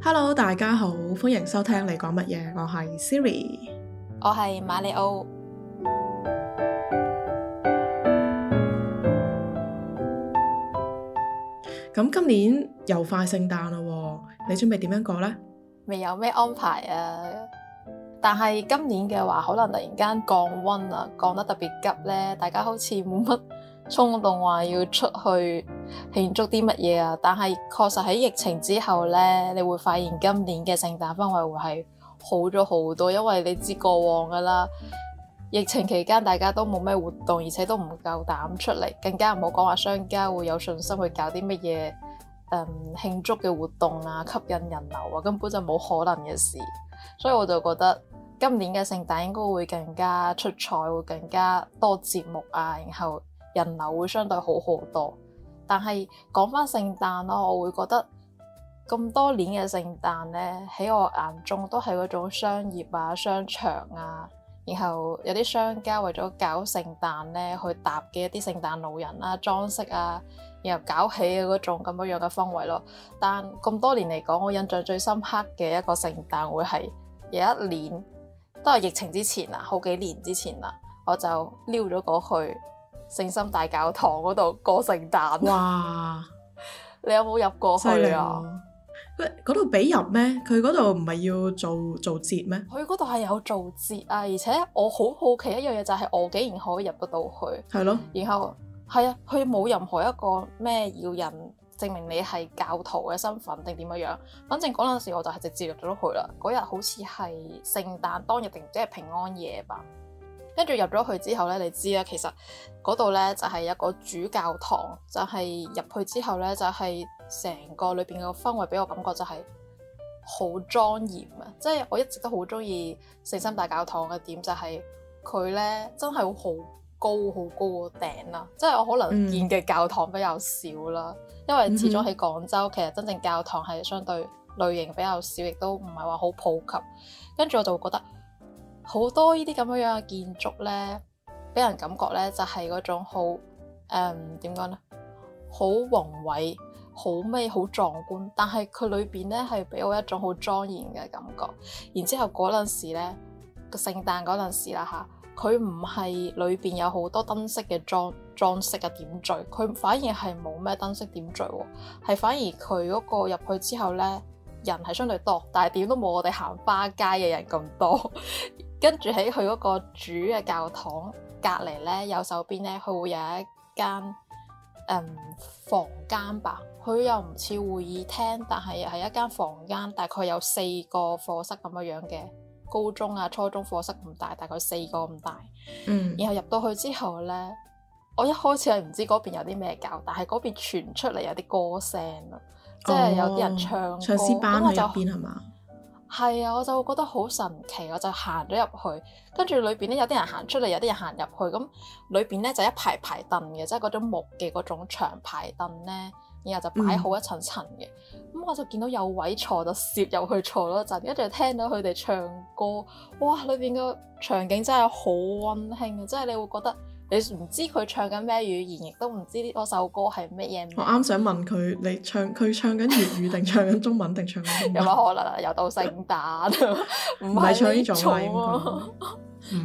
Hello，大家好，歡迎收聽你講乜嘢，我係 Siri，我係馬里奧。咁 今年又快聖誕啦，你準備點樣過呢？未有咩安排啊？但係今年嘅話，可能突然間降溫啊，降得特別急呢。大家好似冇乜衝動話要出去慶祝啲乜嘢啊。但係確實喺疫情之後呢，你會發現今年嘅聖誕氛圍會係好咗好多，因為你知過往噶啦，疫情期間大家都冇咩活動，而且都唔夠膽出嚟，更加唔好講話商家會有信心去搞啲乜嘢，誒、嗯、慶祝嘅活動啊，吸引人流啊，根本就冇可能嘅事。所以我就覺得。今年嘅聖誕應該會更加出彩，會更加多節目啊，然後人流會相對好好多。但係講翻聖誕咯、啊，我會覺得咁多年嘅聖誕咧，喺我眼中都係嗰種商業啊、商場啊，然後有啲商家為咗搞聖誕咧，去搭嘅一啲聖誕老人啊、裝飾啊，然後搞起嘅嗰種咁樣樣嘅氛圍咯。但咁多年嚟講，我印象最深刻嘅一個聖誕會係有一年。都係疫情之前啦，好幾年之前啦，我就溜咗過去聖心大教堂嗰度過聖誕。哇！ 你有冇入過去啊？佢嗰度俾入咩？佢嗰度唔係要做做節咩？佢嗰度係有做節啊，而且我好好奇一樣嘢就係我竟然可以入得到去，係咯，然後係啊，佢冇任何一個咩要人。證明你係教徒嘅身份定點樣樣，反正嗰陣時我就係直接入咗去啦。嗰日好似係聖誕當日定唔知係平安夜吧。跟住入咗去之後咧，你知啦，其實嗰度咧就係一個主教堂，就係入去之後咧就係成個裏邊嘅氛圍俾我感覺就係好莊嚴啊！即係我一直都好中意聖心大教堂嘅點就係佢咧真係好好。高好高個頂啦，啊，即係我可能見嘅教堂比較少啦，嗯、因為始終喺廣州，嗯、哼其實真正教堂係相對類型比較少，亦都唔係話好普及。跟住我就會覺得好多呢啲咁樣樣嘅建築咧，俾人感覺咧就係、是，嗰種好誒點講咧，好、嗯、宏偉、好美、好壯觀。但係佢裏邊咧係俾我一種好莊嚴嘅感覺。然之後嗰陣時咧個聖誕嗰陣時啦嚇。佢唔係裏邊有好多燈飾嘅裝裝飾嘅點綴，佢反而係冇咩燈飾點綴喎，係反而佢嗰個入去之後呢，人係相對多，但係點都冇我哋行花街嘅人咁多。 跟住喺佢嗰個主嘅教堂隔離呢，右手邊呢，佢會有一間、嗯、房間吧。佢又唔似會議廳，但係又係一間房間，大概有四個課室咁嘅樣嘅。高中啊，初中課室咁大，大概四個咁大。嗯，然後入到去之後咧，我一開始係唔知嗰邊有啲咩教，但係嗰邊傳出嚟有啲歌聲啊，哦、即係有啲人唱唱詩班喺邊係嘛？係啊，我就會覺得好神奇，我就行咗入去，跟住裏邊咧有啲人行出嚟，有啲人行入去，咁裏邊咧就是、一排排凳嘅，即係嗰種木嘅嗰種長排凳咧。然後就擺好一層層嘅，咁、嗯、我就見到有位坐就攝入去坐嗰陣，跟住聽到佢哋唱歌，哇！裏邊個場景真係好溫馨啊，即係你會覺得你唔知佢唱緊咩語言，亦都唔知呢首歌係乜嘢。我啱想問佢，你唱佢唱緊粵語定唱緊中文定 唱英文？有冇可能啊？又到聖誕啊？唔係 是唱呢種啊？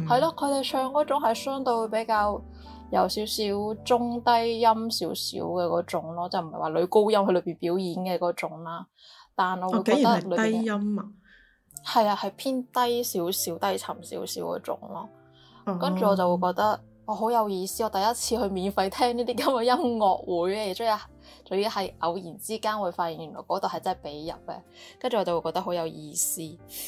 係咯，佢、嗯、哋 唱嗰種係相對會比較。有少少中低音少少嘅嗰種咯，就唔係話女高音去裏邊表演嘅嗰種啦。但係我會覺得女低音啊，係啊，係偏低少少、低沉少少嗰種咯。跟住、嗯、我就會覺得我好有意思，我第一次去免費聽呢啲咁嘅音樂會嚟，真係、就係～仲要係偶然之間會發現原來嗰度係真係俾入嘅。跟住我就會覺得好有意思。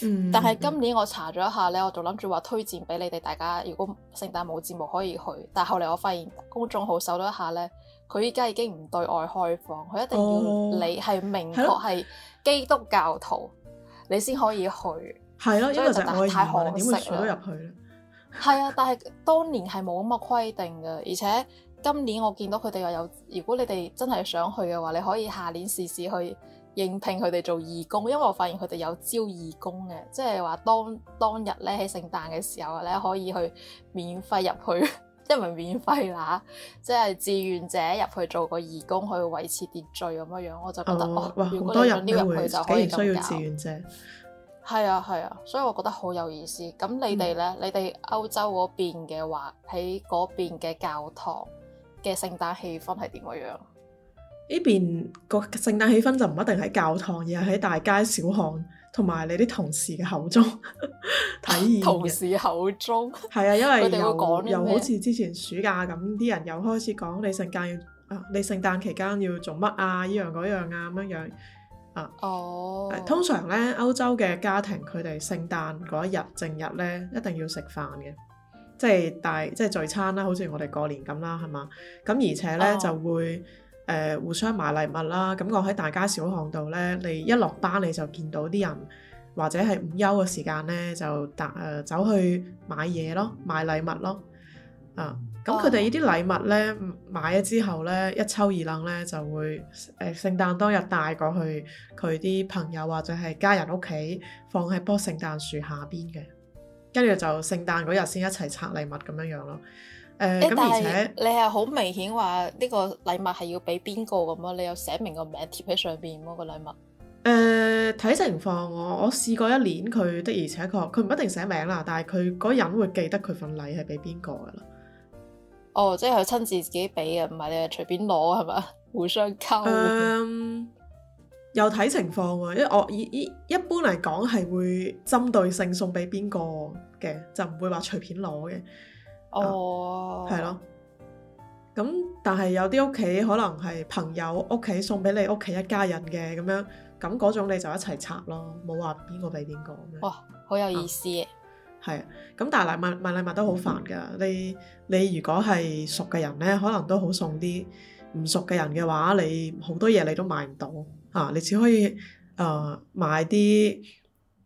嗯，但係今年我查咗一下咧，嗯、我就諗住話推薦俾你哋大家，如果聖誕冇節目可以去，但係後嚟我發現公眾號搜咗一下咧，佢依家已經唔對外開放，佢一定要你係明確係基督教徒，哦、你先可以去。係咯、哦，因為就太可惜啦。點會入去咧？係 啊，但係當年係冇咁嘅規定嘅，而且。今年我見到佢哋又有，如果你哋真係想去嘅話，你可以下年試試去應聘佢哋做義工，因為我發現佢哋有招義工嘅，即係話當當日咧喺聖誕嘅時候咧，可以去免費入去， 即係唔係免費啦，即係志願者入去做個義工去維持秩序咁樣樣，我就覺得、哦哦呃、哇，好多人會，入去就可以咁者，係啊係啊，所以我覺得好有意思。咁你哋咧，嗯、你哋歐洲嗰邊嘅話，喺嗰邊嘅教堂嘅聖誕氣氛係點個樣？呢邊個聖誕氣氛就唔一定喺教堂，而係喺大街小巷，同埋你啲同事嘅口中 體現嘅同事口中係啊，因為 又好似之前暑假咁，啲人又開始講你聖誕要啊，你聖誕期間要做乜啊？依樣嗰樣啊咁樣啊。哦，啊 oh. 通常咧，歐洲嘅家庭佢哋聖誕嗰一日正日咧一定要食飯嘅。即係大即係聚餐啦，好似我哋過年咁啦，係嘛？咁而且呢，oh. 就會誒、呃、互相買禮物啦。咁我喺大街小巷度呢，你一落班你就見到啲人，或者係午休嘅時間呢，就搭誒、呃、走去買嘢咯，買禮物咯。啊，咁佢哋呢啲禮物呢，oh. 買咗之後呢，一秋二冷呢，就會誒、呃、聖誕當日帶過去佢啲朋友或者係家人屋企放喺棵聖誕樹下邊嘅。跟住就聖誕嗰日先一齊拆禮物咁樣樣咯。誒、呃，咁、欸、而且是你係好明顯話呢個禮物係要俾邊個咁咯？你有寫明個名貼喺上邊麼？個禮物誒睇、呃、情況，我我試過一年，佢的而且確佢唔一定寫名啦，但係佢嗰人會記得佢份禮係俾邊個噶啦。哦，即係佢親自自己俾嘅，唔係你係隨便攞係嘛？互相溝、嗯。 又睇情況喎，因為我以依一般嚟講係會針對性送俾邊個嘅，就唔會話隨便攞嘅。哦，係咯、啊。咁但係有啲屋企可能係朋友屋企送俾你屋企一家人嘅咁樣，咁嗰種你就一齊拆咯，冇話邊個俾邊個咁樣。哇、哦，好有意思嘅。係啊，咁但係禮物買禮物都好煩㗎。你你如果係熟嘅人咧，可能都好送啲；唔熟嘅人嘅話，你好多嘢你都買唔到。啊！你只可以誒、呃、買啲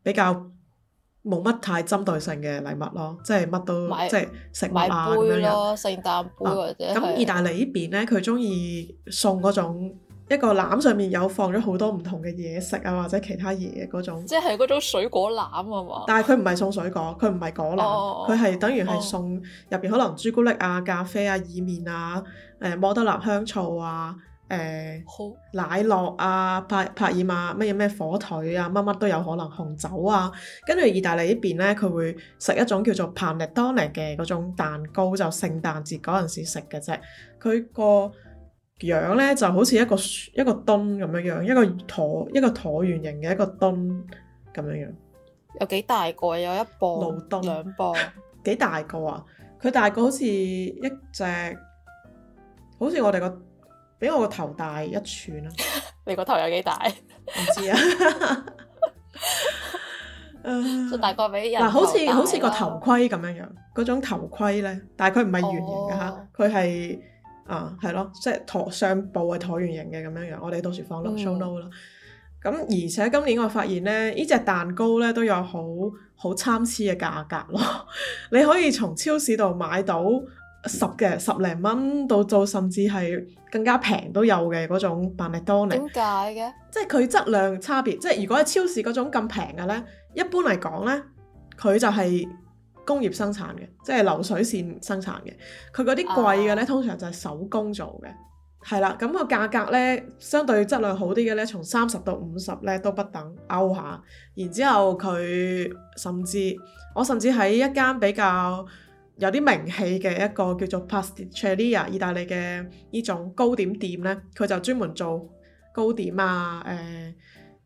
比較冇乜太，太針對性嘅禮物咯，即係乜都，買即係食物咁、啊、樣咯。聖誕杯或者咁，啊、意大利邊呢邊咧，佢中意送嗰種一個籃上面有放咗好多唔同嘅嘢食啊，或者其他嘢嗰種。即係嗰種水果籃啊嘛。但係佢唔係送水果，佢唔係果籃，佢係、哦、等於係送入邊、哦、可能朱古力啊、咖啡啊、意麵啊、誒摩德納香醋啊。誒奶酪啊，帕帕爾馬乜嘢乜火腿啊，乜乜都，有可能紅酒啊，跟住意大利呢邊呢，佢會食一種叫做 panettone 嘅嗰種蛋糕，就聖誕節嗰陣時食嘅啫。佢個樣呢，就好似一個一個墩咁樣樣，一個橢一個橢圓形嘅一個墩咁樣樣。有幾大個？有一磅兩磅？幾燈磅 大個啊？佢大個好似一隻，好似我哋個。俾我個頭大一寸 大啊，你個頭有幾大？唔知啊～誒，大概比人嗱，好似好似個頭盔咁樣樣，嗰種頭盔咧，但係佢唔係圓形嘅嚇，佢係、oh. 啊，係咯，即係橢上部係橢圓形嘅咁樣樣。我哋到時放落 show note 啦。咁而且今年我發現咧，呢隻蛋糕咧都有好好參差嘅價格咯。 你可以從超市度買到十嘅十零蚊到做，甚至係～更加平都有嘅嗰種 Panettone 嚟點解嘅？何即係佢質量差別，即係如果係超市嗰種咁平嘅呢，一般嚟講呢，佢就係工業生產嘅，即係流水線生產嘅。佢嗰啲貴嘅呢，通常就係手工做嘅，係啦、oh.。咁、嗰個價格呢，相對質量好啲嘅呢，從三十到五十呢都不等，歐羅。然之後佢甚至，我甚至喺一間比較。有啲名氣嘅一個叫做 Pasticceria 意大利嘅呢種糕點店呢，佢就專門做糕點啊、誒、呃、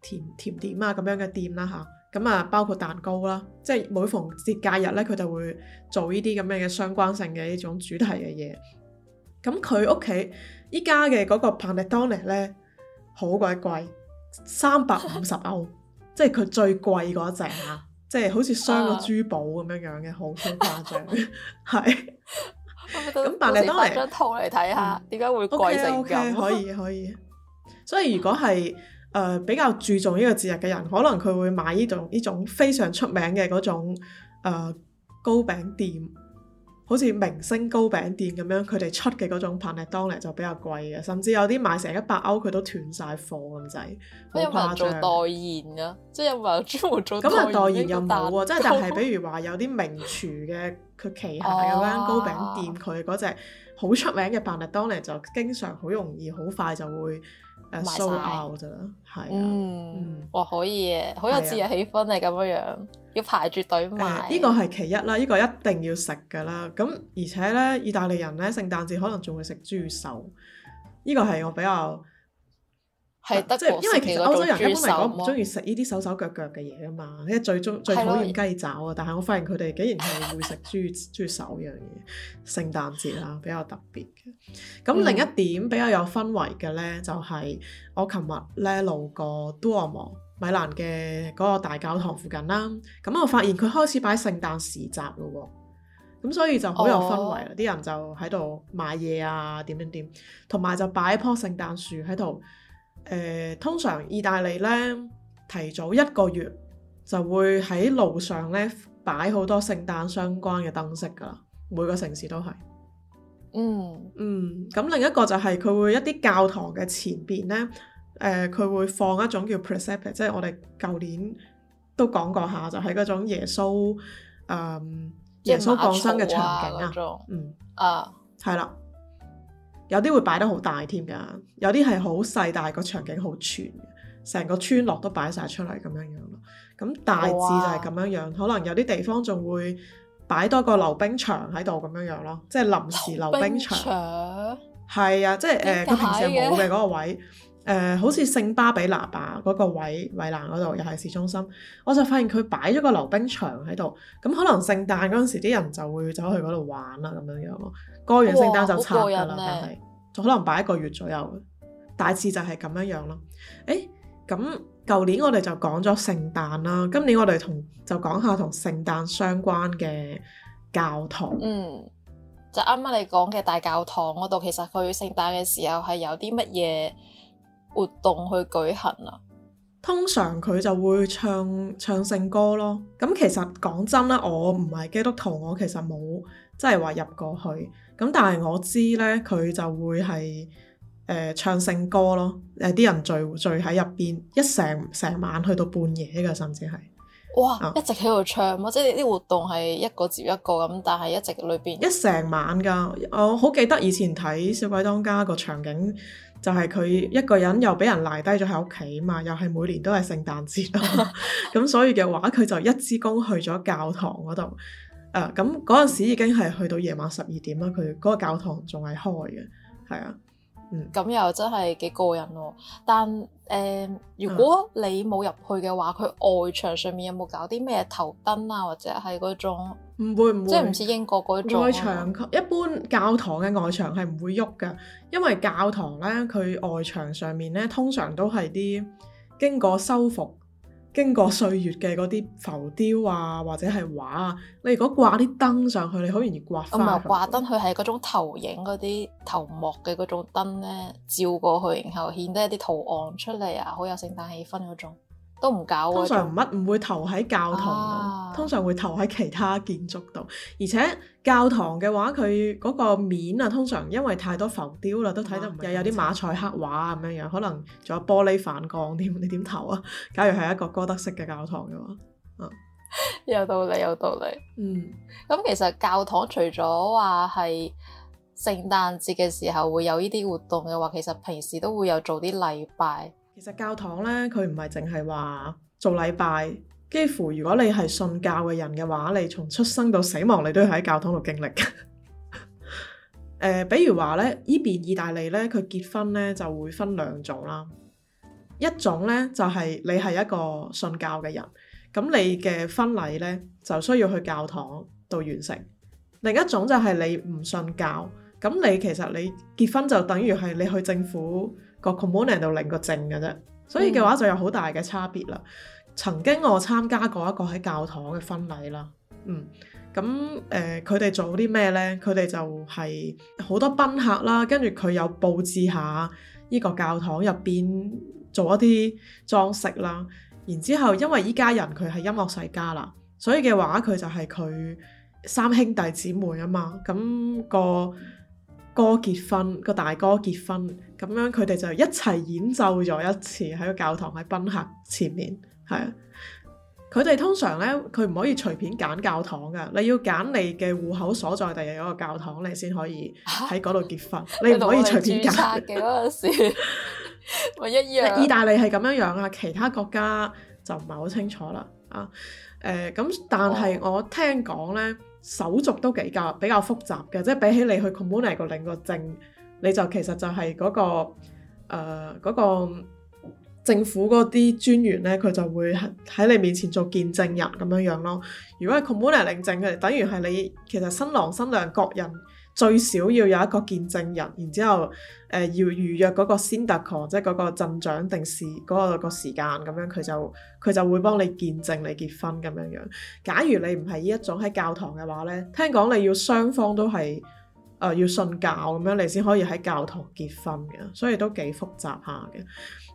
甜甜點啊咁樣嘅店啦吓，咁啊，包括蛋糕啦，即係每逢節假日呢，佢就會做呢啲咁樣嘅相關性嘅呢種主題嘅嘢。咁佢屋企依家嘅嗰個 Panettone 呢，好鬼貴，三百五十歐， 即係佢最貴嗰隻嚇。即係好似鑲咗珠寶咁樣樣嘅， 好誇 張，係、嗯。咁但係當你買咗套嚟睇下，點解會貴成咁，okay, okay？可以可以。 所以如果係誒、呃、比較注重呢個節日嘅人，可能佢會買呢種呢種非常出名嘅嗰種、呃、糕餅店。好似明星糕餅店咁樣，佢哋出嘅嗰種帕內當尼就比較貴嘅，甚至有啲賣成一百歐佢都斷晒貨咁滯，好怕做代言啊？即係有冇話專門做代言？咁啊代言又冇喎，即係但係比如話有啲名廚嘅佢旗下有間糕餅店，佢嗰隻好出名嘅帕內當尼就經常好容易好快就會誒售曬啫啦，係啊，嗯，哇可以嘅，好有節日氣氛啊咁樣。要排住隊買呢，呢個係其一啦，呢個一定要食噶啦。咁而且呢，意大利人呢，聖誕節可能仲會食豬手，呢、這個係我比較係得。德啊、即係因為其實歐洲人一般嚟講唔中意食呢啲手手腳腳嘅嘢噶嘛，因為最中最，最討厭雞爪啊。的但係我發現佢哋竟然係會食豬 豬手呢樣嘢，聖誕節啊比較特別嘅。咁另一點比較有氛圍嘅呢，就係、是、我琴日呢，路過都阿芒。米蘭嘅嗰個大教堂附近啦，咁我發現佢開始擺聖誕市集咯喎，咁所以就好有氛圍啦，啲、oh. 人就喺度買嘢啊，點點點，同埋就擺一棵聖誕樹喺度。誒、呃，通常意大利咧提早一個月就會喺路上咧擺好多聖誕相關嘅燈飾噶啦，每個城市都係。嗯、mm. 嗯，咁另一個就係佢會一啲教堂嘅前邊咧。誒佢、呃、會放一種叫 presepe，即係我哋舊年都講過下，就係、是、嗰種耶穌誒、呃、耶穌降生嘅場景啊。嗯啊，係啦，有啲會擺得好大添㗎，有啲係好細，但係個場景好全，成個村落都擺晒出嚟咁樣樣咯。咁大致就係咁樣樣，哦啊、可能有啲地方仲會擺多個溜冰場喺度咁樣樣咯，即係臨時溜冰場。係啊，即係誒佢平時冇嘅嗰個位。誒、呃，好似聖巴比喇叭嗰、那個位維蘭嗰度，又係市中心。我就發現佢擺咗個溜冰場喺度，咁、嗯、可能聖誕嗰陣時啲人就會走去嗰度玩啦，咁樣樣咯。過完聖誕就拆啦，但係就可能擺一個月左右。大致就係咁樣樣咯。誒、欸，咁舊年我哋就講咗聖誕啦，今年我哋同就講下同聖誕相關嘅教堂。嗯，就啱啱你講嘅大教堂嗰度，其實佢聖誕嘅時候係有啲乜嘢？活動去舉行啊？通常佢就會唱唱聖歌咯。咁其實講真咧，我唔係基督徒，我其實冇即係話入過去。咁但係我知咧，佢就會係誒、呃、唱聖歌咯。誒啲人聚聚喺入邊，一成成晚去到半夜噶，甚至係哇、啊、一直喺度唱咯。即係啲活動係一個接一個咁，但係一直裏邊一成晚噶。我好記得以前睇《小鬼當家》個場景。就係佢一個人又俾人賴低咗喺屋企啊嘛，又係每年都係聖誕節咯，咁 所以嘅話佢就一支公去咗教堂嗰度，誒咁嗰陣時已經係去到夜晚十二點啦，佢嗰個教堂仲係開嘅，係啊。咁又、嗯、真係幾過癮喎！但誒、呃，如果你冇入去嘅話，佢、嗯、外牆上面有冇搞啲咩頭燈啊？或者係嗰種唔會唔會即係唔似英國嗰種、啊？外牆一般教堂嘅外牆係唔會喐㗎，因為教堂咧佢外牆上面咧通常都係啲經過修復。經過歲月嘅嗰啲浮雕啊，或者係畫啊，你如果掛啲燈上去，你好容易掛翻。我唔係掛燈，佢係嗰種投影嗰啲投幕嘅嗰種燈呢照過去，然後顯得一啲圖案出嚟啊，好有聖誕氣氛嗰種。都唔搞，通常唔乜唔會投喺教堂、啊、通常會投喺其他建築度。而且教堂嘅話，佢嗰個面啊，通常因為太多浮雕啦，都睇得唔到又有啲馬賽克畫咁樣樣，可能仲有玻璃反光添。你點投啊？假如係一個哥德式嘅教堂嘅話，啊、 有道理，有道理。嗯，咁其實教堂除咗話係聖誕節嘅時候會有呢啲活動嘅話，其實平時都會有做啲禮拜。其實教堂咧，佢唔係淨係話做禮拜。幾乎如果你係信教嘅人嘅話，你從出生到死亡，你都要喺教堂度經歷。誒、 呃，比如話咧，依邊意大利咧，佢結婚咧就會分兩種啦。一種咧就係、是、你係一個信教嘅人，咁你嘅婚禮咧就需要去教堂度完成。另一種就係你唔信教，咁你其實你結婚就等於係你去政府，個 comune 就領個證嘅啫，所以嘅話就有好大嘅差別啦。嗯、曾經我參加過一個喺教堂嘅婚禮啦，嗯，咁誒佢哋做啲咩咧？佢哋就係好多賓客啦，跟住佢有佈置下呢個教堂入邊做一啲裝飾啦。然之後因為依家人佢係音樂世家啦，所以嘅話佢就係佢三兄弟姊妹啊嘛，咁、個哥哥結婚、個大哥結婚。咁樣佢哋就一齊演奏咗一次喺個教堂喺賓客前面，係啊！佢哋通常咧，佢唔可以隨便揀教堂噶，你要揀你嘅戶口所在地嘅一個教堂，你先可以喺嗰度結婚，啊、你唔可以隨便揀。註 冊嗰時，我一樣。 意大利係咁樣樣啊，其他國家就唔係好清楚啦。啊，誒、呃、咁，但係我聽講咧手續都幾較比較複雜嘅，即係比起你去 Comune 個領個證。你就其實就係嗰、那個誒、呃那個、政府嗰啲專員咧，佢就會喺你面前做見證人咁樣樣咯。如果係 comune 領證嘅，等於係你其實新郎新娘各人最少要有一個見證人，然之後誒、呃、要預約嗰個 Sindaco，即係嗰個鎮長定時嗰個、那個時間咁樣，佢就佢就會幫你見證你結婚咁樣樣。假如你唔係呢一種喺教堂嘅話咧，聽講你要雙方都係。誒、呃、要信教咁樣，你先可以喺教堂結婚嘅，所以都幾複雜下嘅。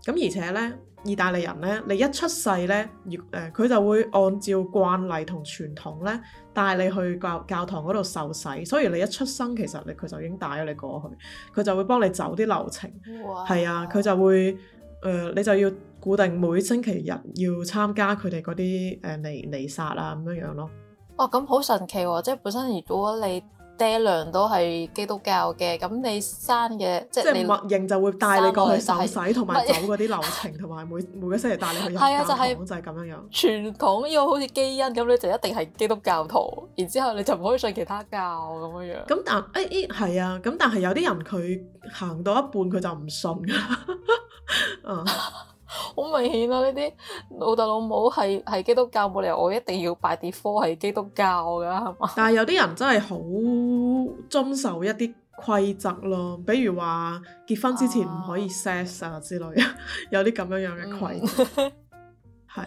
咁、嗯、而且咧，意大利人咧，你一出世咧，誒、呃、佢就會按照慣例同傳統咧帶你去教教堂嗰度受洗。所以你一出生其實你佢就已經帶咗你過去，佢就會幫你走啲流程。哇！係啊，佢、啊、就會誒、呃，你就要固定每星期日要參加佢哋嗰啲誒彌彌撒啊咁樣樣咯。哇！咁好神奇喎、哦，即係本身如果你爹娘都係基督教嘅，咁你生嘅即係默認就會帶你過去受、就是、洗，同埋走嗰啲流程，同埋 每每一星期帶你去教堂，係啊，就係、是、就係咁樣樣。傳統呢個好似基因咁，你就一定係基督教徒，然之後你就唔可以信其他教咁樣。咁但誒依係啊，咁但係有啲人佢行到一半佢就唔信啦。 啊 好明顯啦、啊，呢啲老豆老母係係基督教冇理由，我一定要拜啲科係基督教噶，係嘛？但係有啲人真係好遵守一啲規則咯，比如話結婚之前唔可以 sex 啊之類啊， 有啲咁樣樣嘅規。係。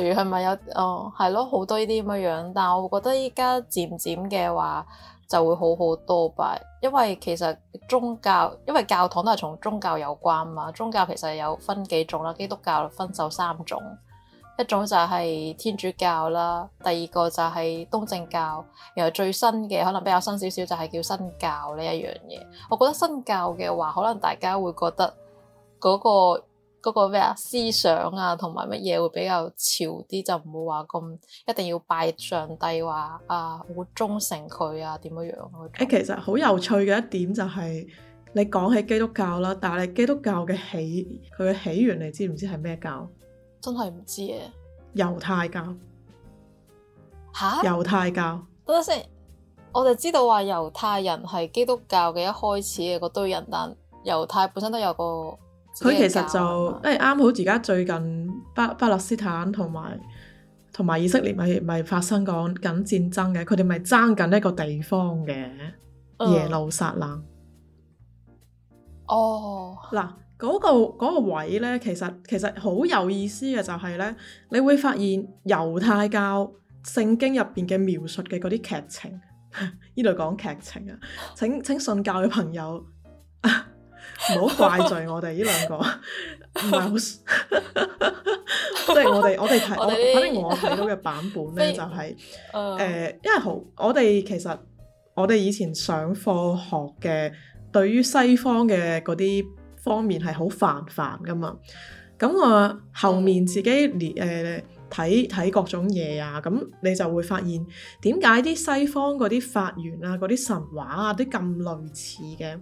例如係咪有？哦，係咯，好多呢啲咁嘅樣，但係我覺得依家漸漸嘅話，就會好好多吧，因為其實宗教，因為教堂都係同宗教有關嘛。宗教其實有分幾種啦，基督教分手三種，一種就係天主教啦，第二個就係東正教，然後最新嘅可能比較新少少就係叫新教呢一樣嘢。我覺得新教嘅話，可能大家會覺得嗰個。嗰個咩啊思想啊同埋乜嘢會比較潮啲，就唔會話咁一定要拜上帝話，話啊好忠誠佢啊點樣樣誒？其實好有趣嘅一點就係、是、你講起基督教啦，但係基督教嘅起佢嘅起源，你知唔知係咩教？真係唔知嘅。猶太教嚇？哈猶太教等等先，我哋知道話猶太人係基督教嘅一開始嘅嗰堆人，但猶太本身都有個。佢其實就，因為啱好而家最近巴巴勒斯坦同埋同埋以色列咪咪發生緊戰爭嘅，佢哋咪爭緊一個地方嘅、嗯、耶路撒冷。哦，嗱嗰、嗰個嗰個位咧，其實其實好有意思嘅就係咧，你會發現猶太教聖經入邊嘅描述嘅嗰啲劇情，呢度講劇情啊！請請信教嘅朋友。 唔好 怪罪我哋呢兩個， 唔係好，即係我哋我哋睇，反正我睇到嘅版本咧就係誒，因為好我哋其實我哋以前上課學嘅對於西方嘅嗰啲方面係好泛泛噶嘛，咁我後面自己連誒睇睇各種嘢啊，咁你就會發現點解啲西方嗰啲法源啊、嗰啲神話啊，啲咁類似嘅。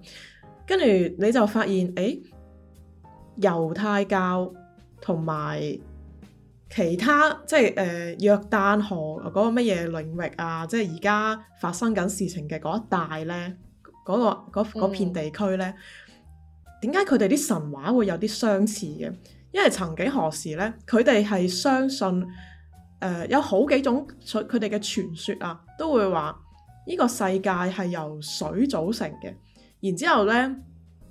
跟住你就發現，誒、欸、猶太教同埋其他即係誒、呃、約旦河嗰個乜嘢領域啊，即係而家發生緊事情嘅嗰一帶咧，嗰、嗰個片地區咧，點解佢哋啲神話會有啲相似嘅？因為曾幾何時咧，佢哋係相信誒、呃、有好幾種佢佢哋嘅傳說啊，都會話呢個世界係由水組成嘅。然之後呢，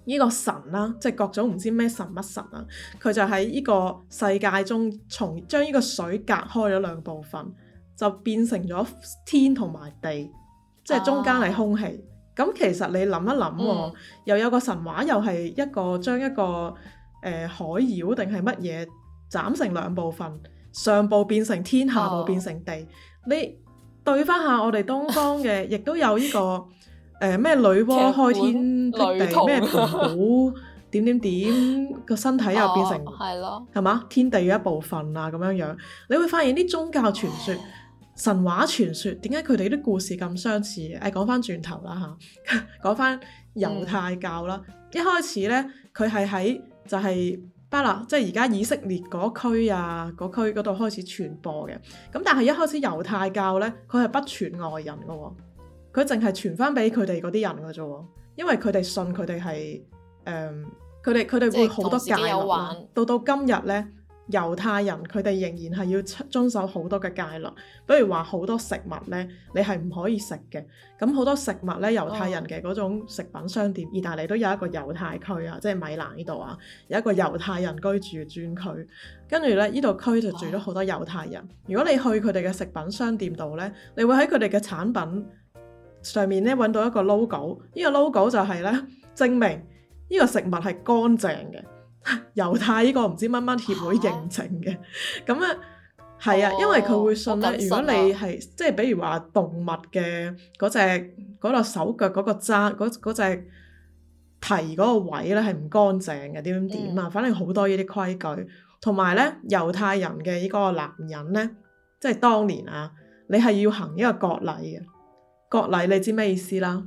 呢、這個神啦，即係各種唔知咩神乜神啊，佢、啊、就喺呢個世界中從，從將呢個水隔開咗兩部分，就變成咗天同埋地，即係中間係空氣。咁、啊、其實你諗一諗、哦，嗯、又有個神話又係一個將一個誒、呃、海妖定係乜嘢斬成兩部分，上部變成天，下部變成地。啊、你對翻下我哋東方嘅， 亦都有呢、呢個。誒咩、呃、女媧開天辟童地咩盤古 點點點個身體又變成係咯係嘛天地嘅一部分啊。咁樣樣，你會發現啲宗教傳説、唉神話傳説點解佢哋啲故事咁相似？誒講翻轉頭啦嚇，講翻猶太教啦，嗯、一開始咧佢係喺就係、是、巴勒，即係而家以色列嗰區啊嗰區嗰度開始傳播嘅。咁但係一開始猶太教咧，佢係不傳外人嘅喎。佢淨係傳翻俾佢哋嗰啲人嘅啫喎，因為佢哋信佢哋係誒，佢哋佢哋會好多戒律。到到今日咧，猶太人佢哋仍然係要遵守好多嘅戒律，比如話好多食物咧，你係唔可以食嘅。咁好多食物咧，猶太人嘅嗰種食品商店，哦、意大利都有一個猶太區啊，即係米蘭呢度啊，有一個猶太人居住嘅專區。跟住咧，呢度區就住咗好多猶太人。哦、如果你去佢哋嘅食品商店度咧，你會喺佢哋嘅產品，上面呢揾到一個 logo，呢個 logo 就係呢證明呢個食物係乾淨嘅，猶太呢個唔知乜乜協會認證嘅。咁啊，係 啊，哦哦哦因為佢會信呢，哦啊、如果你係即係比如話動物嘅嗰隻嗰度、嗰個、手腳嗰、嗰個踭嗰嗰隻蹄嗰個位呢係唔乾淨嘅點點點啊，嗯、反正好多呢啲規矩。同埋呢，猶太人嘅呢個男人呢，即係當年啊，你係要行呢個割禮嘅。割禮你知咩意思啦？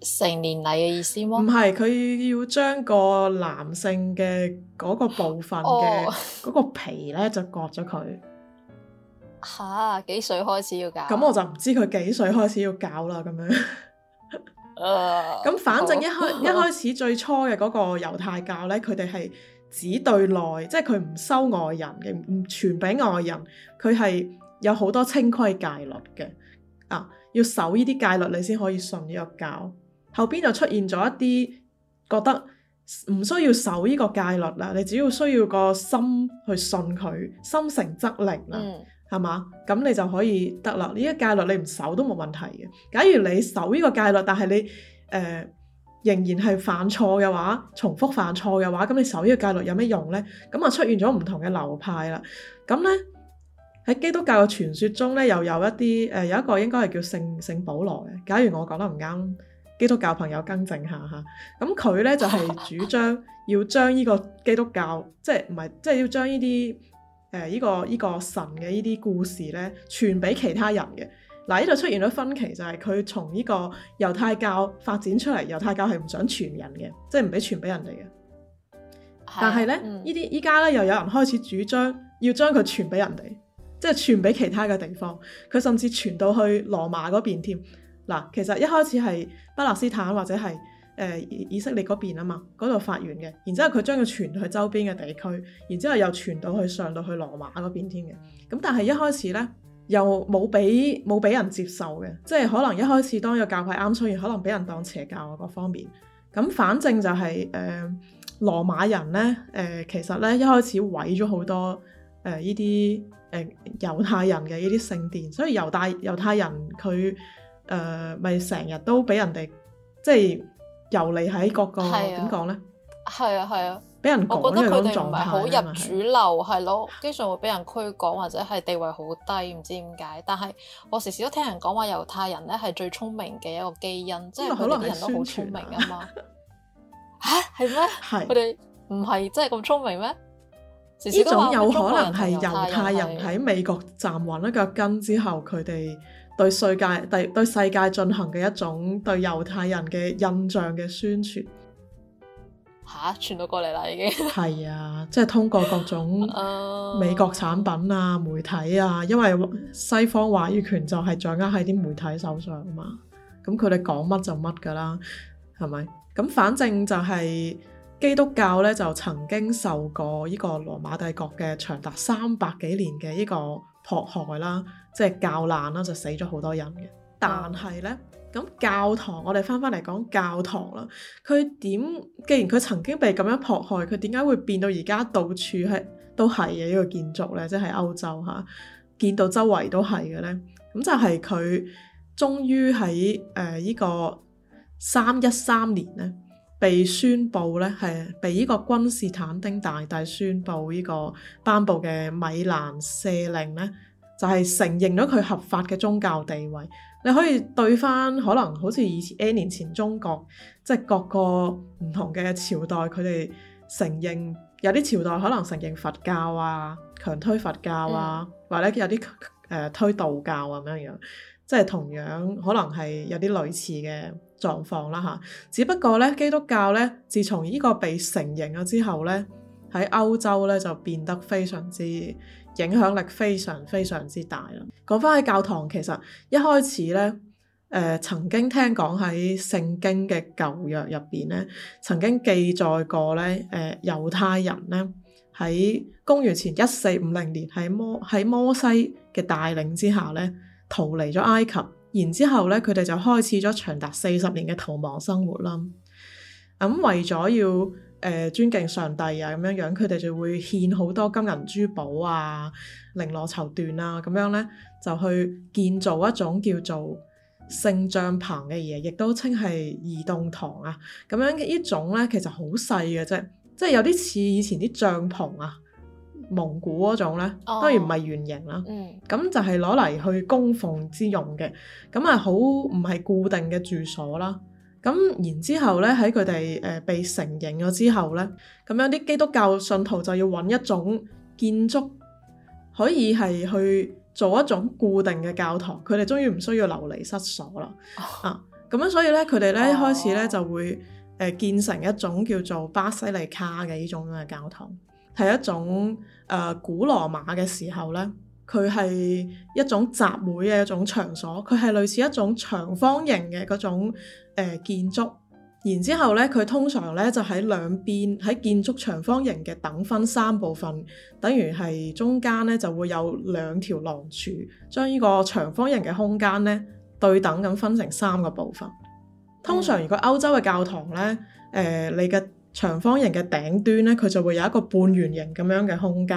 成年禮嘅意思麼？唔係，佢要將個男性嘅嗰個部分嘅嗰個皮咧就割咗佢。嚇、啊、幾歲開始要搞？咁我就唔知佢幾歲開始要搞啦。咁樣。咁、 啊、 反正一開好一開始最初嘅嗰個猶太教咧，佢哋係只對內，即係佢唔收外人嘅，唔傳俾外人。佢係有好多清規戒律嘅。啊！要守呢啲戒律，你先可以信呢個教。後邊就出現咗一啲覺得唔需要守呢個戒律啦，你只要需要個心去信佢，心誠則靈啦，係嘛，嗯？咁你就可以得啦。呢個戒律你唔守都冇問題嘅。假如你守呢個戒律，但係你誒、呃、仍然係犯錯嘅話，重複犯錯嘅話，咁你守呢個戒律有咩用呢？咁啊，出現咗唔同嘅流派啦。咁呢。喺基督教嘅傳說中咧，又有一啲誒、呃、有一個應該係叫聖聖保羅嘅。假如我講得唔啱，基督教朋友更正下嚇。咁佢咧就係、是、主張要將呢個基督教，即係唔係即係要將呢啲誒呢個呢、這個神嘅呢啲故事咧傳俾其他人嘅。嗱，呢度出現咗分歧，就係、是、佢從呢個猶太教發展出嚟，猶太教係唔想傳人嘅，即係唔俾傳俾人哋嘅。但係咧，嗯、呢啲依家咧又有人開始主張要將佢傳俾人哋。即係傳俾其他嘅地方，佢甚至傳到去羅馬嗰邊添。嗱，其實一開始係巴勒斯坦或者係誒、呃、以色列嗰邊啊嘛，嗰度發源嘅。然之後佢將佢傳去周邊嘅地區，然之後又傳到去上到去羅馬嗰邊添嘅。咁但係一開始呢，又冇俾冇俾人接受嘅，即係可能一開始當個教派啱，所以可能俾人當邪教啊各方面。咁反正就係、是、誒、呃、羅馬人呢，誒、呃、其實呢，一開始毀咗好多誒呢啲。呃誒猶太人嘅呢啲聖殿，所以猶太猶太人佢誒咪成日都俾人哋即係遊離喺各個點講咧？係啊係啊，俾人、啊啊啊啊啊、我覺得佢哋唔係好入主流，係咯、啊，經常會俾人驅趕或者係地位好低，唔知點解。但係我時時都聽人講話猶太人咧係最聰明嘅一個基因，不不即係好多人都好聰明啊嘛。嚇係咩？係佢哋唔係真係咁聰明咩？呢種有可能係猶太人喺美國站穩一腳跟之後，佢哋對世界、對對世界進行嘅一種對猶太人嘅印象嘅宣傳。嚇、啊，傳到過嚟啦，已經。係 啊，即係通過各種美國產品啊、媒體啊，因為西方話語權就係掌握喺啲媒體手上嘛。咁佢哋講乜就乜噶啦，係咪？咁反正就係、是。基督教咧就曾經受過呢個羅馬帝國嘅長達三百幾年嘅呢個迫害啦，即係教難啦，就死咗好多人嘅。但係咧，咁教堂我哋翻翻嚟講教堂啦，佢點？既然佢曾經被咁樣迫害，佢點解會變到而家到處係都係嘅呢個建築咧？即係歐洲嚇，啊，見到周圍都係嘅咧。咁就係佢終於喺誒呢個三一三年咧。被宣布咧，係被呢個君士坦丁大帝宣布呢個頒布嘅米蘭赦令咧，就係承認咗佢合法嘅宗教地位。你可以對翻，可能好似以前 N 年前中國，即係各個唔同嘅朝代，佢哋承認有啲朝代可能承認佛教啊，強推佛教啊，嗯、或者有啲誒、呃、推道教啊咁樣樣，即係同樣可能係有啲類似嘅，狀況啦嚇，只不過咧，基督教咧，自從呢個被承認咗之後咧，喺歐洲咧就變得非常之影響力，非常非常之大啦。講翻喺教堂，其實一開始咧，誒、呃、曾經聽講喺聖經嘅舊約入邊咧，曾經記載過咧，誒、呃、猶太人咧喺公元前一四五零年喺摩喺摩西嘅帶領之下咧，逃離咗埃及。然之後咧，佢哋就開始咗長達四十年嘅逃亡生活啦。咁、嗯、為咗要誒、呃、尊敬上帝啊，咁樣樣，佢哋就會獻好多金銀珠寶啊、綾羅綢緞啊，咁樣咧就去建造一種叫做聖帳篷嘅嘢，亦都稱係移動堂啊。咁樣嘅呢種咧其實好細嘅啫，即係有啲似以前啲帳篷啊。蒙古嗰種咧，當然唔係圓形啦，咁、哦嗯、就係攞嚟去供奉之用嘅，咁啊好唔係固定嘅住所啦。咁然後呢、呃、之後咧，喺佢哋誒被承認咗之後咧，咁樣啲基督教信徒就要揾一種建築可以係去做一種固定嘅教堂，佢哋終於唔需要流離失所啦。哦、啊，咁樣所以咧，佢哋咧開始咧就會誒、呃、建成一種叫做巴西利卡嘅呢種嘅教堂。係一種誒、呃、古羅馬嘅時候呢，佢係一種集會嘅一種場所，佢係類似一種長方形嘅嗰種、呃、建築。然之後呢，佢通常呢就喺兩邊喺建築長方形嘅等分三部分，等於係中間呢就會有兩條廊柱，將呢個長方形嘅空間呢對等噉分成三個部分。通常如果歐洲嘅教堂呢，誒、呃、你嘅長方形嘅頂端咧，佢就會有一個半圓形咁樣嘅空間，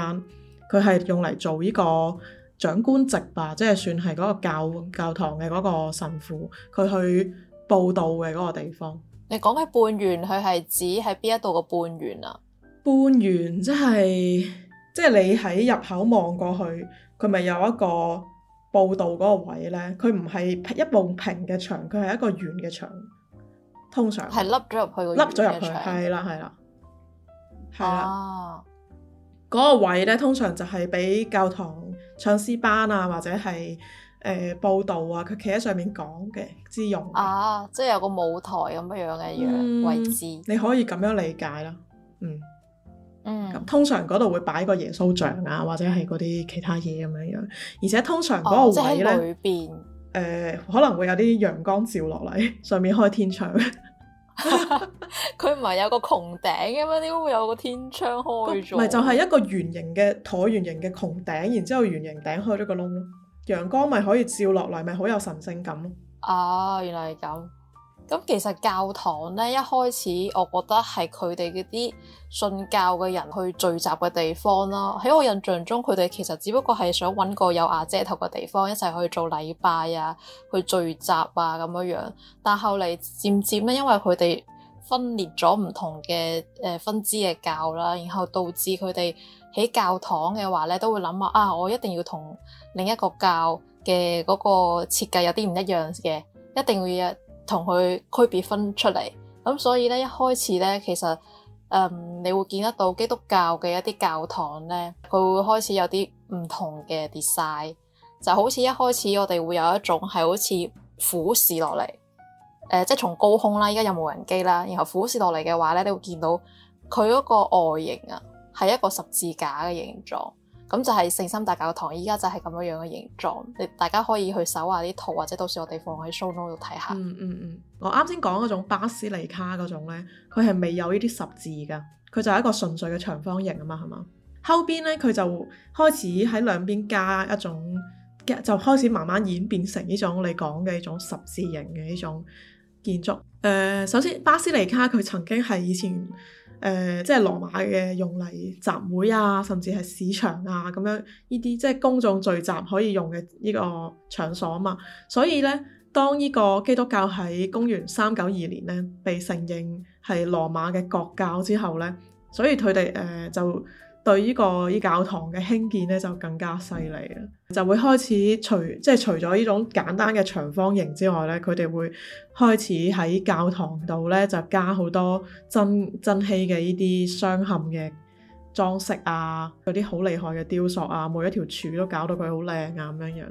佢係用嚟做呢個長官席吧，即係算係嗰個教教堂嘅嗰個神父佢去佈道嘅嗰個地方。你講緊半圓，佢係指喺邊一度嘅半圓啊？半圓即係即係你喺入口望過去，佢咪有一個佈道嗰個位咧？佢唔係一堵平嘅牆，佢係一個圓嘅牆。通常係凹咗入去，去，凹咗入去，係啦係啦，係啦、啊，嗰、嗰個位咧，通常就係俾教堂唱詩班啊，或者係誒佈道啊，佢企喺上面講嘅之用啊，即係有個舞台咁樣樣嘅樣、嗯、位置，你可以咁樣理解啦，嗯嗯，咁通常嗰度會擺個耶穌像啊，或者係嗰啲其他嘢咁樣樣，而且通常嗰個位咧。哦。誒、呃、可能會有啲陽光照落嚟，上面開天窗。佢唔係有個穹頂嘅咩？點解會有個天窗開？佢唔係就係一個圓形嘅橢圓形嘅穹頂，然之後圓形頂開咗個窿咯。陽光咪可以照落嚟，咪好有神聖感咯。啊，原來係咁。咁其實教堂咧，一開始我覺得係佢哋嗰啲信教嘅人去聚集嘅地方啦。喺我印象中，佢哋其實只不過係想揾個有瓦遮頭嘅地方一齊去做禮拜啊，去聚集啊咁樣樣。但後嚟漸漸咧，因為佢哋分裂咗唔同嘅誒分支嘅教啦，然後導致佢哋喺教堂嘅話咧，都會諗啊啊，我一定要同另一個教嘅嗰個設計有啲唔一樣嘅，一定會同佢區別分出嚟，咁所以咧，一開始咧，其實誒、嗯，你會見得到基督教嘅一啲教堂咧，佢會開始有啲唔同嘅 design，就是、好似一開始我哋會有一種係好似俯視落嚟，誒、呃，即係從高空啦，依家有無人機啦，然後俯視落嚟嘅話咧，你會見到佢嗰個外形啊，係一個十字架嘅形狀。咁就係聖心大教堂，依家就係咁樣樣嘅形狀，你大家可以去搜下啲圖，或者到時我哋放喺 show note 度睇下。嗯嗯嗯，我啱先講嗰種巴斯尼卡嗰種咧，佢係未有呢啲十字噶，佢就係一個純粹嘅長方形啊嘛，係嘛？後邊咧佢就開始喺兩邊加一種，就開始慢慢演變成呢種你講嘅一種十字形嘅呢種建築。誒、呃，首先巴斯尼卡佢曾經係以前。誒、呃，即係羅馬嘅用嚟集會啊，甚至係市場啊，咁樣呢啲即係公眾聚集可以用嘅呢個場所啊嘛，所以呢，當呢個基督教喺公元三九二年呢被承認係羅馬嘅國教之後呢，所以佢哋誒就。對呢個依教堂嘅興建咧就更加犀利啦，就會開始除即係除咗呢種簡單嘅長方形之外咧，佢哋會開始喺教堂度咧就加好多珍珍稀嘅依啲鑲嵌嘅裝飾啊，嗰啲好厲害嘅雕塑啊，每一條柱都搞到佢好靚啊咁樣樣，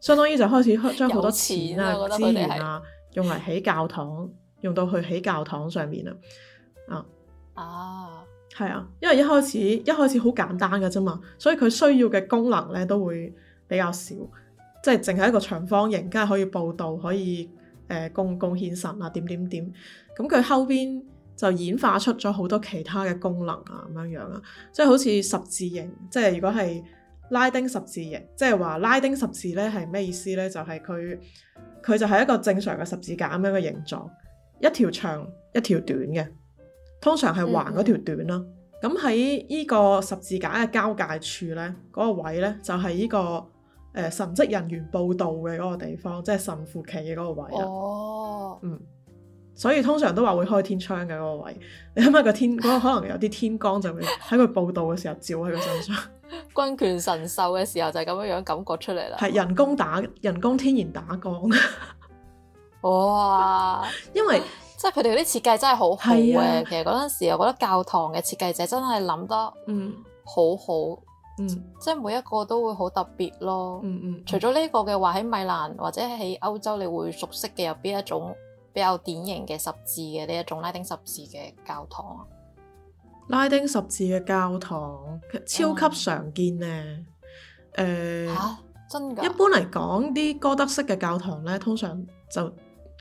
相當於就開始將好多錢啊,錢啊資源啊用嚟起教堂， 用到去起教堂上面啊啊！係啊，因為一開始一開始好簡單㗎啫嘛，所以佢需要嘅功能咧都會比較少，即係淨係一個長方形，梗係可以報道，可以誒貢貢獻神啊點點點。咁佢後邊就演化出咗好多其他嘅功能啊咁樣樣啊，即係好似十字形，即係如果係拉丁十字形，即係話拉丁十字咧係咩意思咧？就係佢佢就係一個正常嘅十字架咁樣嘅形狀，一條長一條短嘅。通常係橫嗰條短啦，咁喺呢個十字架嘅交界處呢，嗰、那個位呢，就係、是、呢、這個誒、呃、神職人員報道嘅嗰個地方，即係神父旗嘅嗰個位啊。哦，嗯，所以通常都話會開天窗嘅嗰個位，你諗下個天嗰、那個、可能有啲天光就會喺佢報道嘅時候照喺佢身上。 君權神授嘅時候就係咁樣樣感覺出嚟啦。係人工打，人工天然打光哇， 哦、 因為。即係佢哋嗰啲設計真係好好嘅，啊、其實嗰陣時我覺得教堂嘅設計者真係諗得好嗯好好，嗯，即係每一個都會好特別咯，嗯嗯。嗯嗯除咗呢個嘅話，喺米蘭或者喺歐洲，你會熟悉嘅有邊一種比較典型嘅十字嘅呢一種拉丁十字嘅教堂啊？拉丁十字嘅教堂超級常見呢。誒嚇、嗯呃啊、真㗎。一般嚟講，啲哥德式嘅教堂咧，通常就。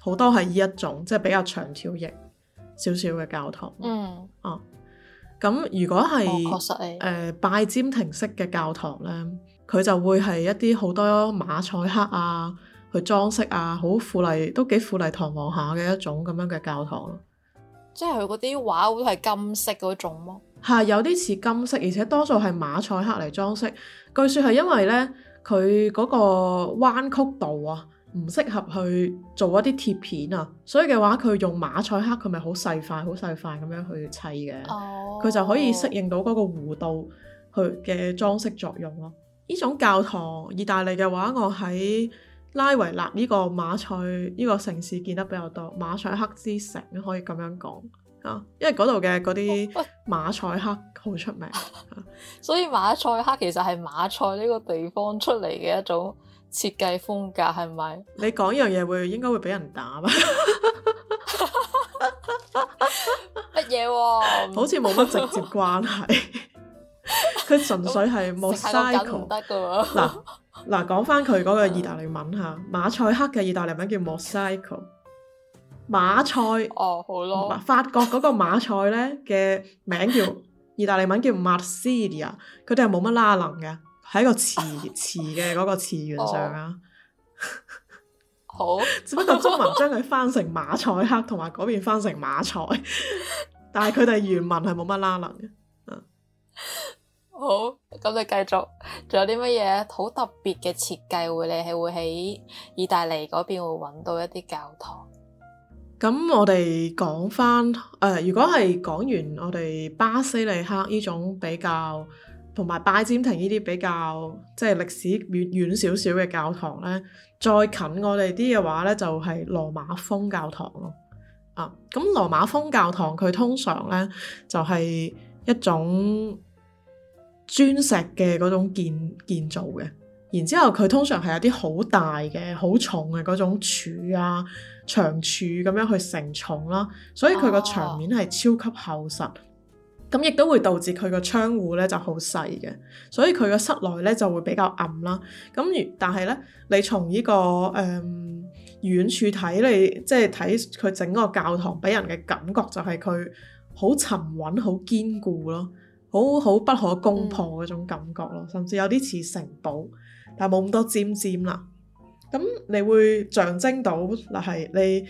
好多係呢一種，即係比較長條型少少嘅教堂。嗯啊，咁如果係誒、哦呃、拜占庭式嘅教堂呢，佢就會係一啲好多馬賽克啊去裝飾啊，好富麗都幾富麗堂皇下嘅一種咁樣嘅教堂咯。即係佢嗰啲畫會係金色嗰種咯、啊，係有啲似金色，而且多數係馬賽克嚟裝飾。據說係因為呢，佢嗰個彎曲度啊。唔適合去做一啲貼片啊，所以嘅話佢用馬賽克，佢咪好細塊好細塊咁樣去砌嘅，佢、oh. 就可以適應到嗰個弧度去嘅裝飾作用咯。呢種教堂，意大利嘅話，我喺拉維納呢個馬賽呢個城市見得比較多，馬賽克之城可以咁樣講啊，因為嗰度嘅嗰啲馬賽克好出名， 所以馬賽克其實係馬賽呢個地方出嚟嘅一種。設計風格係咪？你講依樣嘢會應該會俾人打啊？乜嘢？好似冇乜直接關係。佢純粹係 mosaico。得㗎嘛？嗱嗱，講翻佢嗰個意大利文嚇，馬賽克嘅意大利文叫 mosaico。馬賽哦，好咯。法國嗰個馬賽咧嘅名叫意大利文叫 Marsiglia 啊，佢哋係冇乜拉能嘅。喺個詞詞嘅嗰個詞源上啊、哦，好， 只不過中文將佢翻成馬賽克，同埋嗰邊翻成馬賽，但係佢哋原文係冇乜拉能嘅。嗯、好，咁你繼續，仲有啲乜嘢好特別嘅設計會？你係會喺意大利嗰邊會揾到一啲教堂？咁我哋講翻，誒、呃，如果係講完我哋巴西利卡呢種比較，同埋拜占庭呢啲比較，即係歷史遠遠少少嘅教堂咧，再近我哋啲嘅話咧，就係羅馬風教堂咯。啊,咁羅馬風教堂佢通常咧就係一種磚石嘅嗰種建建造嘅,然之後佢通常係有啲好大嘅、好重嘅嗰種柱啊、長柱咁樣去承重啦,所以佢個牆面係超級厚實。哦。咁亦都會導致佢個窗戶咧就好細嘅，所以佢個室內咧就會比較暗啦。咁但係咧、這個呃，你從呢個誒遠處睇，你即係睇佢整個教堂，俾人嘅感覺就係佢好沉穩、好堅固咯，好好不可攻破嗰種感覺咯，嗯、甚至有啲似城堡，但冇咁多尖尖啦。咁你會象徵到嗱係你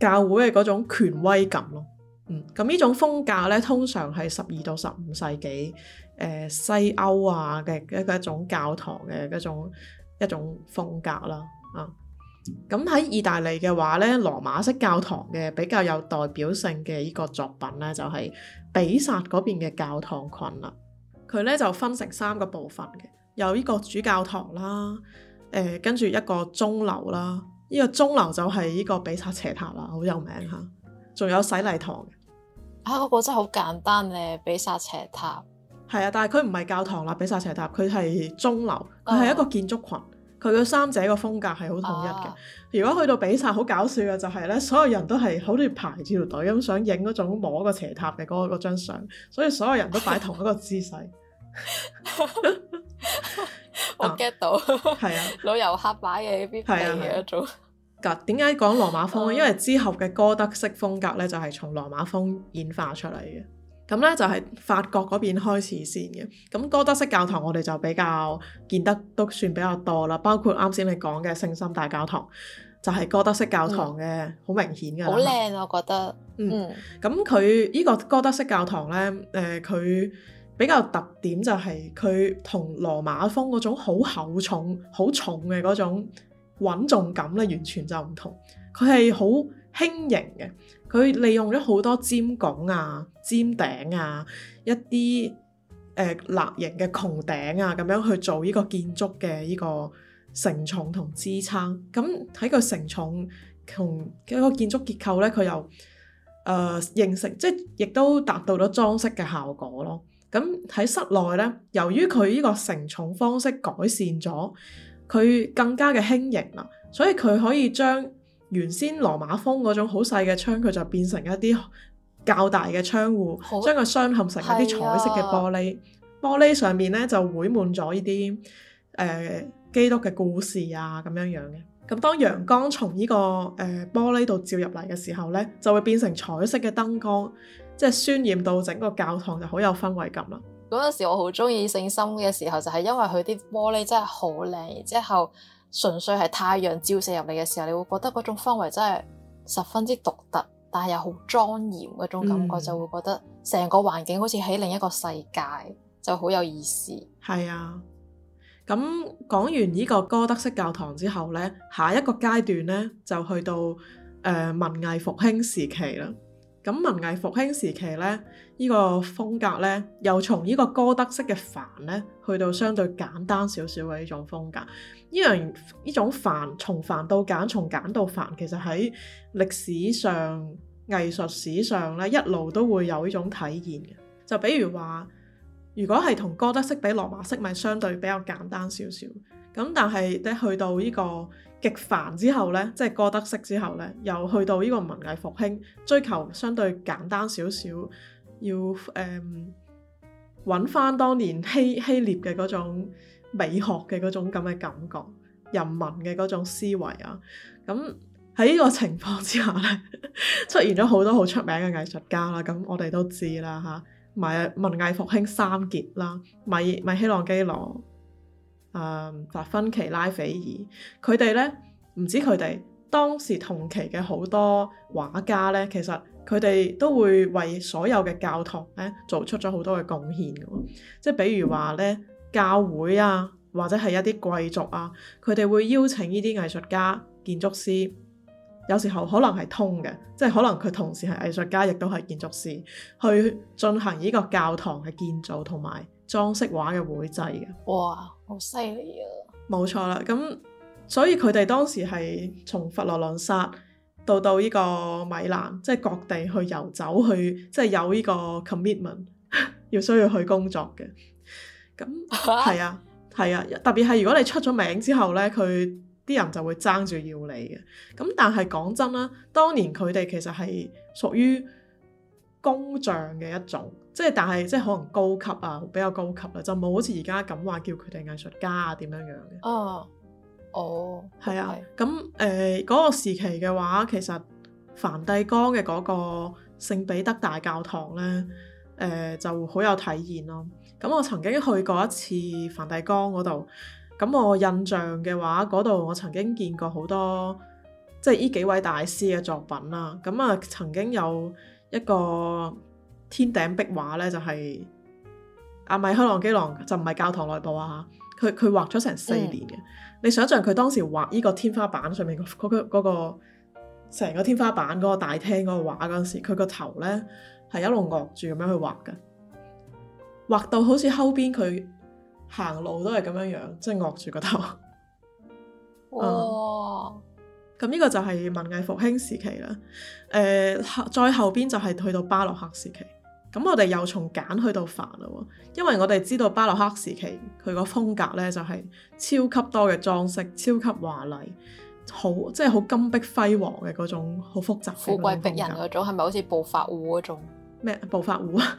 教會嘅嗰種權威感咯。咁呢、嗯、種風格咧，通常係十二到十五世紀誒、呃、西歐啊嘅一個一種教堂嘅一種一種風格啦。啊，咁、嗯、喺意大利嘅話咧，羅馬式教堂嘅比較有代表性嘅依個作品咧，就係、是、比薩嗰邊嘅教堂群啦。佢咧就分成三個部分嘅，有呢個主教堂啦，誒跟住一個鐘樓啦，呢、這個鐘樓就係呢個比薩斜塔啦，好有名嚇，仲、啊、有洗禮堂。啊！嗰，那個真係好簡單咧，比薩斜塔。係 啊，但係佢唔係教堂啦，比薩斜塔佢係鐘樓，佢係一個建築群，佢嘅三者嘅風格係好統一嘅。如果去到比薩，好搞笑嘅就係、是、咧，所有人都係好似排住條隊咁想影嗰種摸一個斜塔嘅嗰張相，所以所有人都擺同一個姿勢。我 get 到，係啊，老遊客擺嘅邊排啊。 點解講羅馬風咧？因為之後嘅哥德式風格咧，就係從羅馬風演化出嚟嘅。咁咧就係法國嗰邊開始先嘅。咁哥德式教堂我哋就比較見得都算比較多啦，包括啱先你講嘅聖心大教堂，就係、是、哥德式教堂嘅，好、嗯、明顯㗎。好靚、啊，我覺得。嗯。咁佢呢個哥德式教堂咧，誒、呃、佢比較特點就係佢同羅馬風嗰種好厚重、好重嘅嗰種。穩重感咧，完全就唔同，佢係好輕盈嘅，佢利用咗好多尖拱啊、尖頂啊、一啲誒立形嘅穹頂啊，咁樣去做呢個建築嘅呢個承重同支撐。咁喺個承重同嘅個建築結構咧，佢又誒、呃、形成，即係亦都達到咗裝飾嘅效果咯。咁喺室內咧，由於佢呢個承重方式改善咗。佢更加嘅輕盈啦，所以佢可以將原先羅馬風嗰種好細嘅窗，佢就變成一啲較大嘅窗戶，好將佢鑲嵌成一啲彩色嘅玻璃，玻璃上面咧就繪滿咗呢啲誒基督嘅故事啊咁樣樣嘅。咁當陽光從呢個誒玻璃度照入嚟嘅時候咧，就會變成彩色嘅燈光，即係渲染到整個教堂就好有氛圍感啦。嗰陣時我好中意聖心嘅時候，就係、是、因為佢啲玻璃真係好靚，然之後純粹係太陽照射入嚟嘅時候，你會覺得嗰種氛圍真係十分之獨特，但係又好莊嚴嗰種感覺，嗯、就會覺得成個環境好似喺另一個世界，就好有意思。係啊，咁講完呢個哥德式教堂之後呢，下一個階段呢，就去到誒、呃、文藝復興時期啦。咁文藝復興時期咧，呢個風格咧，又從呢個歌德式嘅繁咧，去到相對簡單少少嘅呢種風格。呢樣呢種繁，從繁到簡，從簡到繁，其實喺歷史上、藝術史上咧，一路都會有呢種體現嘅。就比如話，如果係同歌德式比羅馬式，咪相對比較簡單少少。咁但係咧，你去到呢個，極繁之後呢，即係哥德式之後呢，又去到呢個文藝復興，追求相對簡單少少，要誒揾翻當年希希臘嘅嗰種美學嘅嗰種咁嘅感覺，人民嘅嗰種思維啊。咁喺呢個情況之下呢，出現咗好多好出名嘅藝術家啦。咁我哋都知啦嚇、啊，文藝復興三傑啦，米米開朗基羅。啊、嗯！達芬奇、拉斐爾，佢哋呢，唔止佢哋，當時同期嘅好多畫家呢，其實佢哋都會為所有嘅教堂呢做出咗好多嘅貢獻嘅。即係比如話呢，教會啊，或者係一啲貴族啊，佢哋會邀請呢啲藝術家、建築師，有時候可能係通嘅，即係可能佢同時係藝術家亦都係建築師，去進行呢個教堂嘅建造同埋裝飾畫嘅繪製嘅，哇，好犀利啊！冇錯啦，咁所以佢哋當時係從佛羅倫薩到到呢個米蘭，即係各地去遊走，去即係有呢個 commitment 要需要去工作嘅。咁係啊，係 啊，啊，特別係如果你出咗名之後咧，佢啲人就會爭住要你嘅。咁但係講真啦，當年佢哋其實係屬於工匠嘅一種。即係，但係即係可能高級啊，比較高級啦、啊，就冇好似而家咁話叫佢哋藝術家啊點樣樣嘅。哦，哦，係啊，咁誒嗰個時期嘅話，其實梵蒂岡嘅嗰個聖彼得大教堂呢，誒、呃、就好有體驗咯。咁我曾經去過一次梵蒂岡嗰度，咁我印象嘅話，嗰度我曾經見過好多即係呢幾位大師嘅作品啦、啊。咁啊，曾經有一個。天頂壁畫咧就係、是、阿米開朗基羅，就唔係教堂內部啊！佢佢畫咗成四年嘅，嗯、你想象佢當時畫呢個天花板上面嗰、那個成、那個那個、個天花板嗰個大廳嗰個畫嗰陣時，佢個頭咧係一路昂住咁樣去畫嘅，畫到好似後邊佢行路都係咁樣樣，即係昂住個頭。 嗯、哦，咁呢個就係文藝復興時期啦。誒、呃，再後邊就係去到巴洛克時期。咁我哋又從簡去到繁咯，因為我哋知道巴洛克時期佢個風格呢就係、是、超級多嘅裝飾，超級華麗，好即係好金碧輝煌嘅嗰種，種，是是好複雜。富貴逼人嗰種係咪好似暴發戶嗰種咩？暴發戶啊？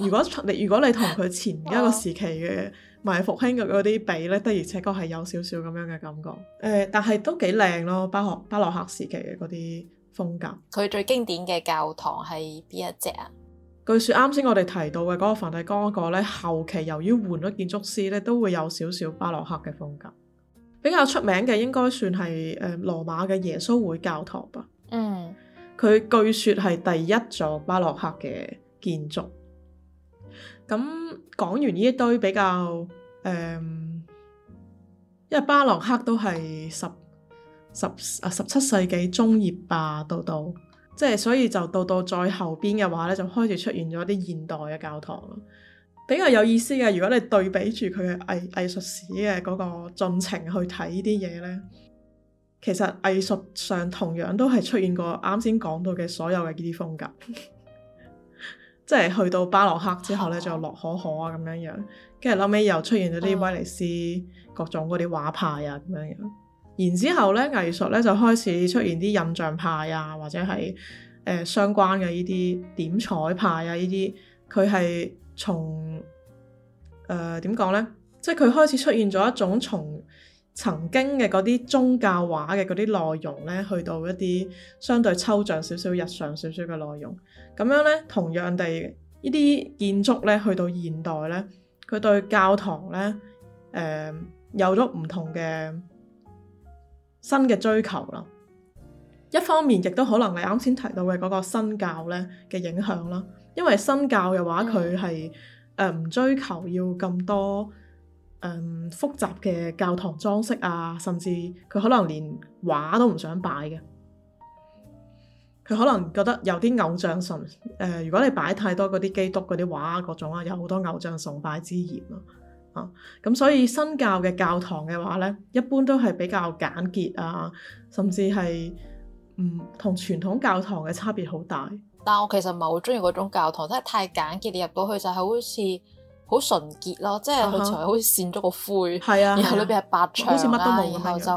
如果你如果你同佢前一個時期嘅 埋伏興埋復興嘅嗰啲比呢，的而且確係有少少咁樣嘅感覺。誒、呃，但係都幾靚咯，巴學巴洛克時期嘅嗰啲。風格，佢最經典嘅教堂係邊一隻啊？據說啱先我哋提到嘅嗰個梵蒂岡嗰個咧，後期由於換咗建築師呢，都會有少少巴洛克嘅風格。比較出名嘅應該算係誒、嗯、羅馬嘅耶穌會教堂吧。嗯，佢據說係第一座巴洛克嘅建築。咁講完呢一堆比較誒、嗯，因為巴洛克都係十，十啊十七世紀中葉吧，到到即係，所以就到到再後邊嘅話咧，就開始出現咗啲現代嘅教堂。比較有意思嘅，如果你對比住佢嘅藝藝術史嘅嗰個進程去睇呢啲嘢咧，其實藝術上同樣都係出現過啱先講到嘅所有嘅呢啲風格， 即係去到巴洛克之後咧，就洛可可啊咁樣樣，跟住後尾又出現咗啲威尼斯各種嗰啲畫派啊咁樣樣。然之後咧，藝術咧就開始出現啲印象派啊，或者係誒、呃、相關嘅呢啲點彩派啊，呢啲佢係從誒點講呢？即係佢開始出現咗一種從曾經嘅嗰啲宗教畫嘅嗰啲內容咧，去到一啲相對抽象少少、日常少少嘅內容。咁樣呢，同樣地，呢啲建築咧，去到現代咧，佢對教堂咧，誒、呃、有咗唔同嘅新嘅追求啦，一方面亦都可能你啱先提到嘅嗰個新教咧嘅影響啦，因為新教嘅話，佢係誒唔追求要咁多誒、嗯、複雜嘅教堂裝飾啊，甚至佢可能連畫都唔想擺嘅，佢可能覺得有啲偶像神誒、呃、如果你擺太多嗰啲基督嗰啲畫啊各種啊，有好多偶像崇拜之嫌啊。啊，咁所以新教嘅教堂嘅話咧，一般都係比較簡潔啊，甚至係嗯同傳統教堂嘅差別好大。但係我其實唔係好中意嗰種教堂，真係太簡潔，你入到去就係好似好純潔咯，啊、哈即係佢全部好似扇咗個灰，係啊，然後裏邊係白牆，好似乜都冇，然後就，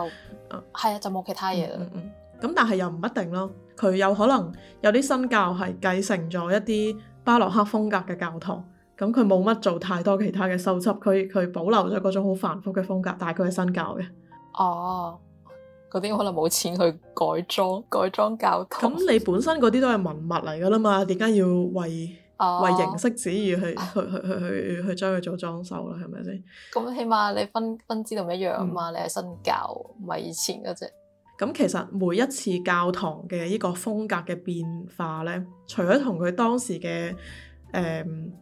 係啊，啊，就冇其他嘢啦。咁、嗯嗯嗯嗯嗯、但係又唔一定咯，佢有可能有啲新教係繼承咗一啲巴洛克風格嘅教堂。咁佢冇乜做太多其他嘅修葺，佢佢保留咗嗰種好繁複嘅風格，但係佢係新教嘅。哦，嗰啲可能冇錢去改裝，改裝教堂。咁你本身嗰啲都係文物嚟㗎啦嘛？點解要為、哦、為形式主義去去、啊、去去去，去，去，去，去，去，去將佢做裝修咧？係咪先？咁起碼你分分支都唔一樣啊嘛！嗯、你係新教，唔係以前嗰隻。咁其實每一次教堂嘅呢個風格嘅變化咧，除咗同佢當時嘅誒。嗯嗯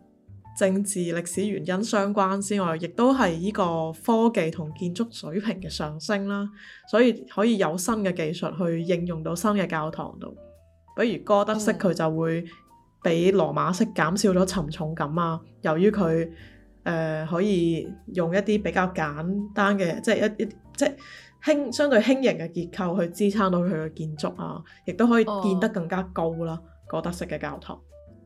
政治歷史原因相關之外，亦都係呢個科技同建築水平嘅上升啦，所以可以有新嘅技術去應用到新嘅教堂度。比如哥德式佢就會比羅馬式減少咗沉重感啊，由於佢誒可以用一啲比較簡單嘅，即係一一即係輕相對輕型嘅結構去支撐到佢嘅建築啊，亦都可以建得更加高啦。哦。哥德式嘅教堂。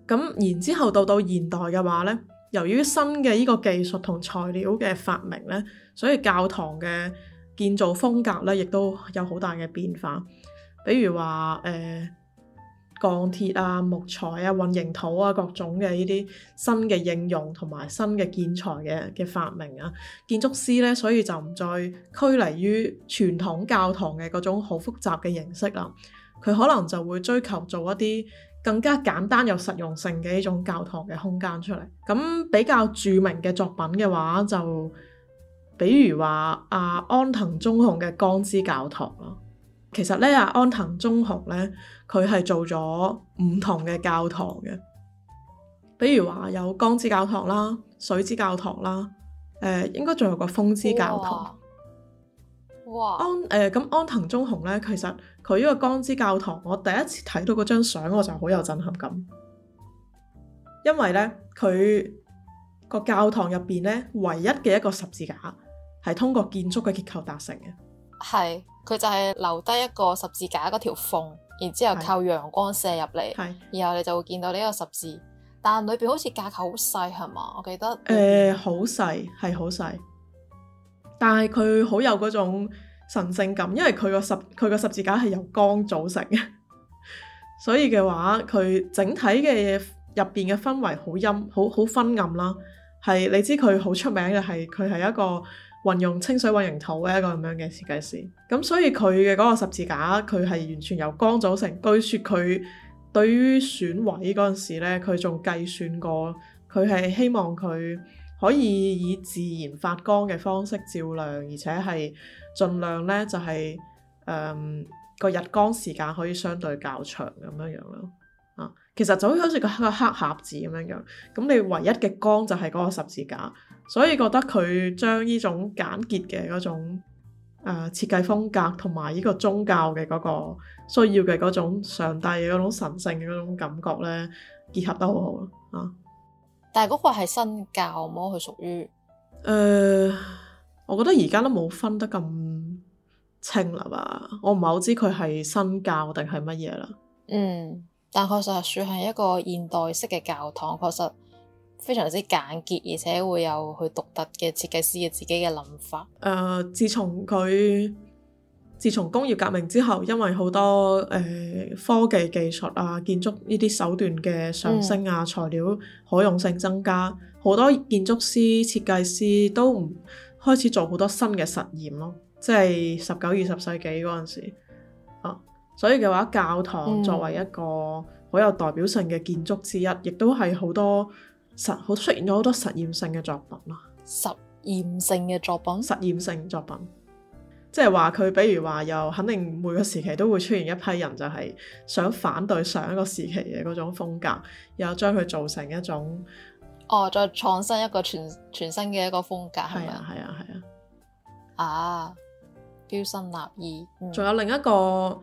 咁然之後到到現代嘅話咧，由於新嘅呢個技術同材料嘅發明咧，所以教堂嘅建造風格咧，亦都有好大嘅變化。比如話誒鋼鐵啊、木材啊、混凝土啊各種嘅呢啲新嘅應用同埋新嘅建材嘅嘅發明啊，建築師咧，所以就唔再拘泥於傳統教堂嘅嗰種好複雜嘅形式啦。佢可能就會追求做一啲。更加簡單又實用性嘅一種教堂嘅空間出嚟，咁比較著名嘅作品嘅話，就比如話阿、啊、安藤忠雄嘅光之教堂咯。其實咧阿、啊、安藤忠雄咧，佢係做咗唔同嘅教堂嘅，比如話有光之教堂啦、水之教堂啦，誒、呃、應該仲有個風之教堂。哇安誒，咁、呃、安藤忠雄咧，其實佢呢個光之教堂，我第一次睇到嗰張相，我就好有震撼感，因為咧佢個教堂入邊咧，唯一嘅一個十字架係通過建築嘅結構達成嘅。係，佢就係留低一個十字架嗰條縫，然之後靠陽光射入嚟，是然後你就會見到呢個十字。但係裏邊好似架構好細係嘛？我記得誒，好細、呃，係好細。但係佢好有嗰種神聖感，因為佢 個十佢個，個十字架係由光組成，所以嘅話佢整體嘅入邊嘅氛圍好陰好好昏暗啦，係你知佢好出名嘅係佢係一個運用清水混凝土嘅一個咁樣嘅設計師，咁所以佢嘅嗰個十字架佢係完全由光組成。據說佢對於選位嗰陣時呢，佢仲計算過，佢係希望佢可以以自然發光嘅方式照亮，而且係盡量呢，就係誒個日光時間可以相對較長咁樣樣咯，啊。其實就好好似個黑盒子咁樣樣，咁你唯一嘅光就係嗰個十字架，所以覺得佢將呢種簡潔嘅嗰種誒、呃、設計風格同埋呢個宗教嘅嗰個需要嘅嗰種上帝嘅嗰種神性嘅嗰種感覺呢，結合得好好咯。啊！但係嗰個係新教麼佢屬於？誒，我覺得而家都冇分得咁清啦吧。我唔係好知佢係新教定係乜嘢啦。嗯，但係確實算係一個現代式嘅教堂，確實非常之簡潔，而且會有佢獨特嘅設計師嘅自己嘅諗法。誒、呃，自從佢。自從工業革命之後，因為好多誒、呃、科技技術啊、建築呢啲手段嘅上升啊、材料可用性增加，好、嗯、多建築師、設計師都唔開始做好多新嘅實驗咯。即係十九、二十世紀嗰陣時、啊、所以嘅話，教堂作為一個好有代表性嘅建築之一，亦都係好多實好出現咗好多實驗性嘅作品啦。實驗性嘅作品，實驗性作品。即係話佢，比如話又肯定每個時期都會出現一批人，就係想反對上一個時期嘅嗰種風格，又將佢做成一種哦，再創新一個全全新嘅一個風格，係咪啊？係啊係啊啊，標新立異。仲、嗯、有另一個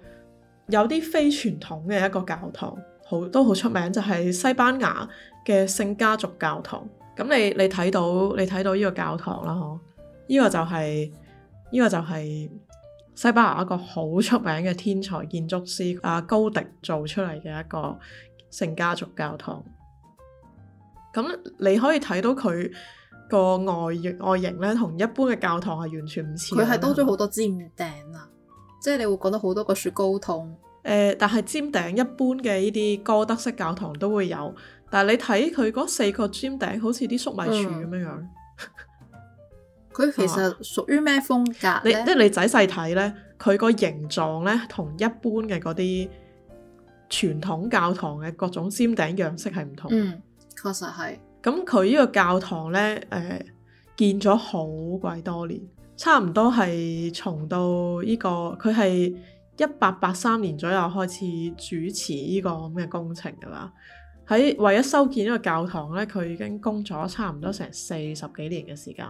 有啲非傳統嘅一個教堂，好都好出名，就係、是、西班牙嘅聖家族教堂。咁你你睇到你睇到呢個教堂啦，嗬？呢個就係、是。嗯呢個就係西班牙一個好出名嘅天才建築師啊高迪做出嚟嘅一個聖家族教堂。咁你可以睇到佢個外外形咧，同一般嘅教堂係完全唔似。佢係多咗好多尖頂啊！即係你會覺得好多個雪糕筒。誒、呃，但係尖頂一般嘅呢啲哥德式教堂都會有，但係你睇佢嗰四個尖頂、嗯，好似啲粟米柱咁樣樣。佢其實屬於咩風格咧？即係、哦、你仔細睇咧，佢個形狀咧，同一般嘅嗰啲傳統教堂嘅各種尖頂樣式係唔同。嗯，確實係。咁佢呢個教堂咧，誒、呃，建咗好鬼多年，差唔多係從到呢、這個，佢係一八八三年左右開始主持呢個咁嘅工程㗎喇。喺為咗修建呢個教堂咧，佢已經供咗差唔多成四十幾年嘅時間。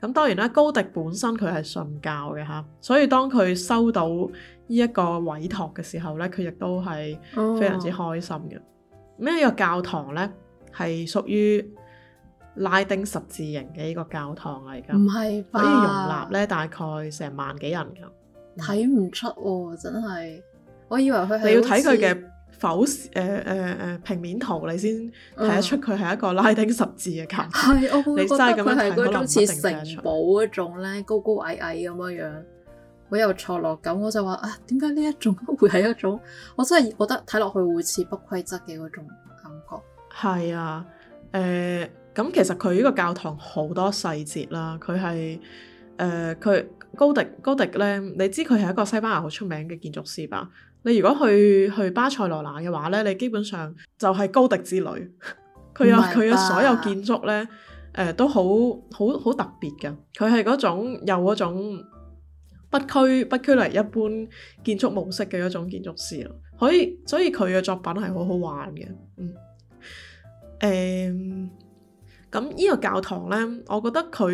咁當然啦，高迪本身佢係信教嘅嚇，所以當佢收到呢一個委託嘅時候咧，佢亦都係非常之開心嘅。咁呢、哦、個教堂咧係屬於拉丁十字形嘅一個教堂嚟噶，唔係可以容納咧大概成萬幾人噶。睇唔出喎，真係，我以為佢係你要睇佢嘅。否，誒誒誒，平面圖你先睇得出佢係一個拉丁十字嘅構係。嗯、你真係咁樣睇，我會覺得佢係，好似城堡嗰種咧，高高矮矮咁樣，好有錯落感。我就話啊，點解呢一種會係一種？ 我真係覺得睇落去會似不規則嘅嗰種感覺。係啊，誒、呃、咁其實佢呢個教堂好多細節啦，佢係誒，佢高迪，高迪咧，你知佢係一個西班牙好出名嘅建築師吧？你如果去去巴塞羅那嘅話咧，你基本上就係高迪之旅。佢 有佢嘅 所有建築咧，誒、呃、都好好好特別嘅。佢係嗰種有嗰種不拘不拘泥一般建築模式嘅一種建築師咯。所以所以佢嘅作品係好好玩嘅。嗯，誒、嗯。咁呢個教堂呢，我覺得佢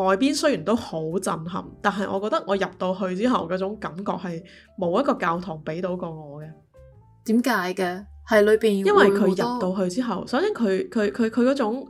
外邊雖然都好震撼，但係我覺得我入到去之後嗰種感覺係冇一個教堂俾到過我嘅。點解嘅？係裏邊因為佢入到去之後，首先佢佢佢佢嗰種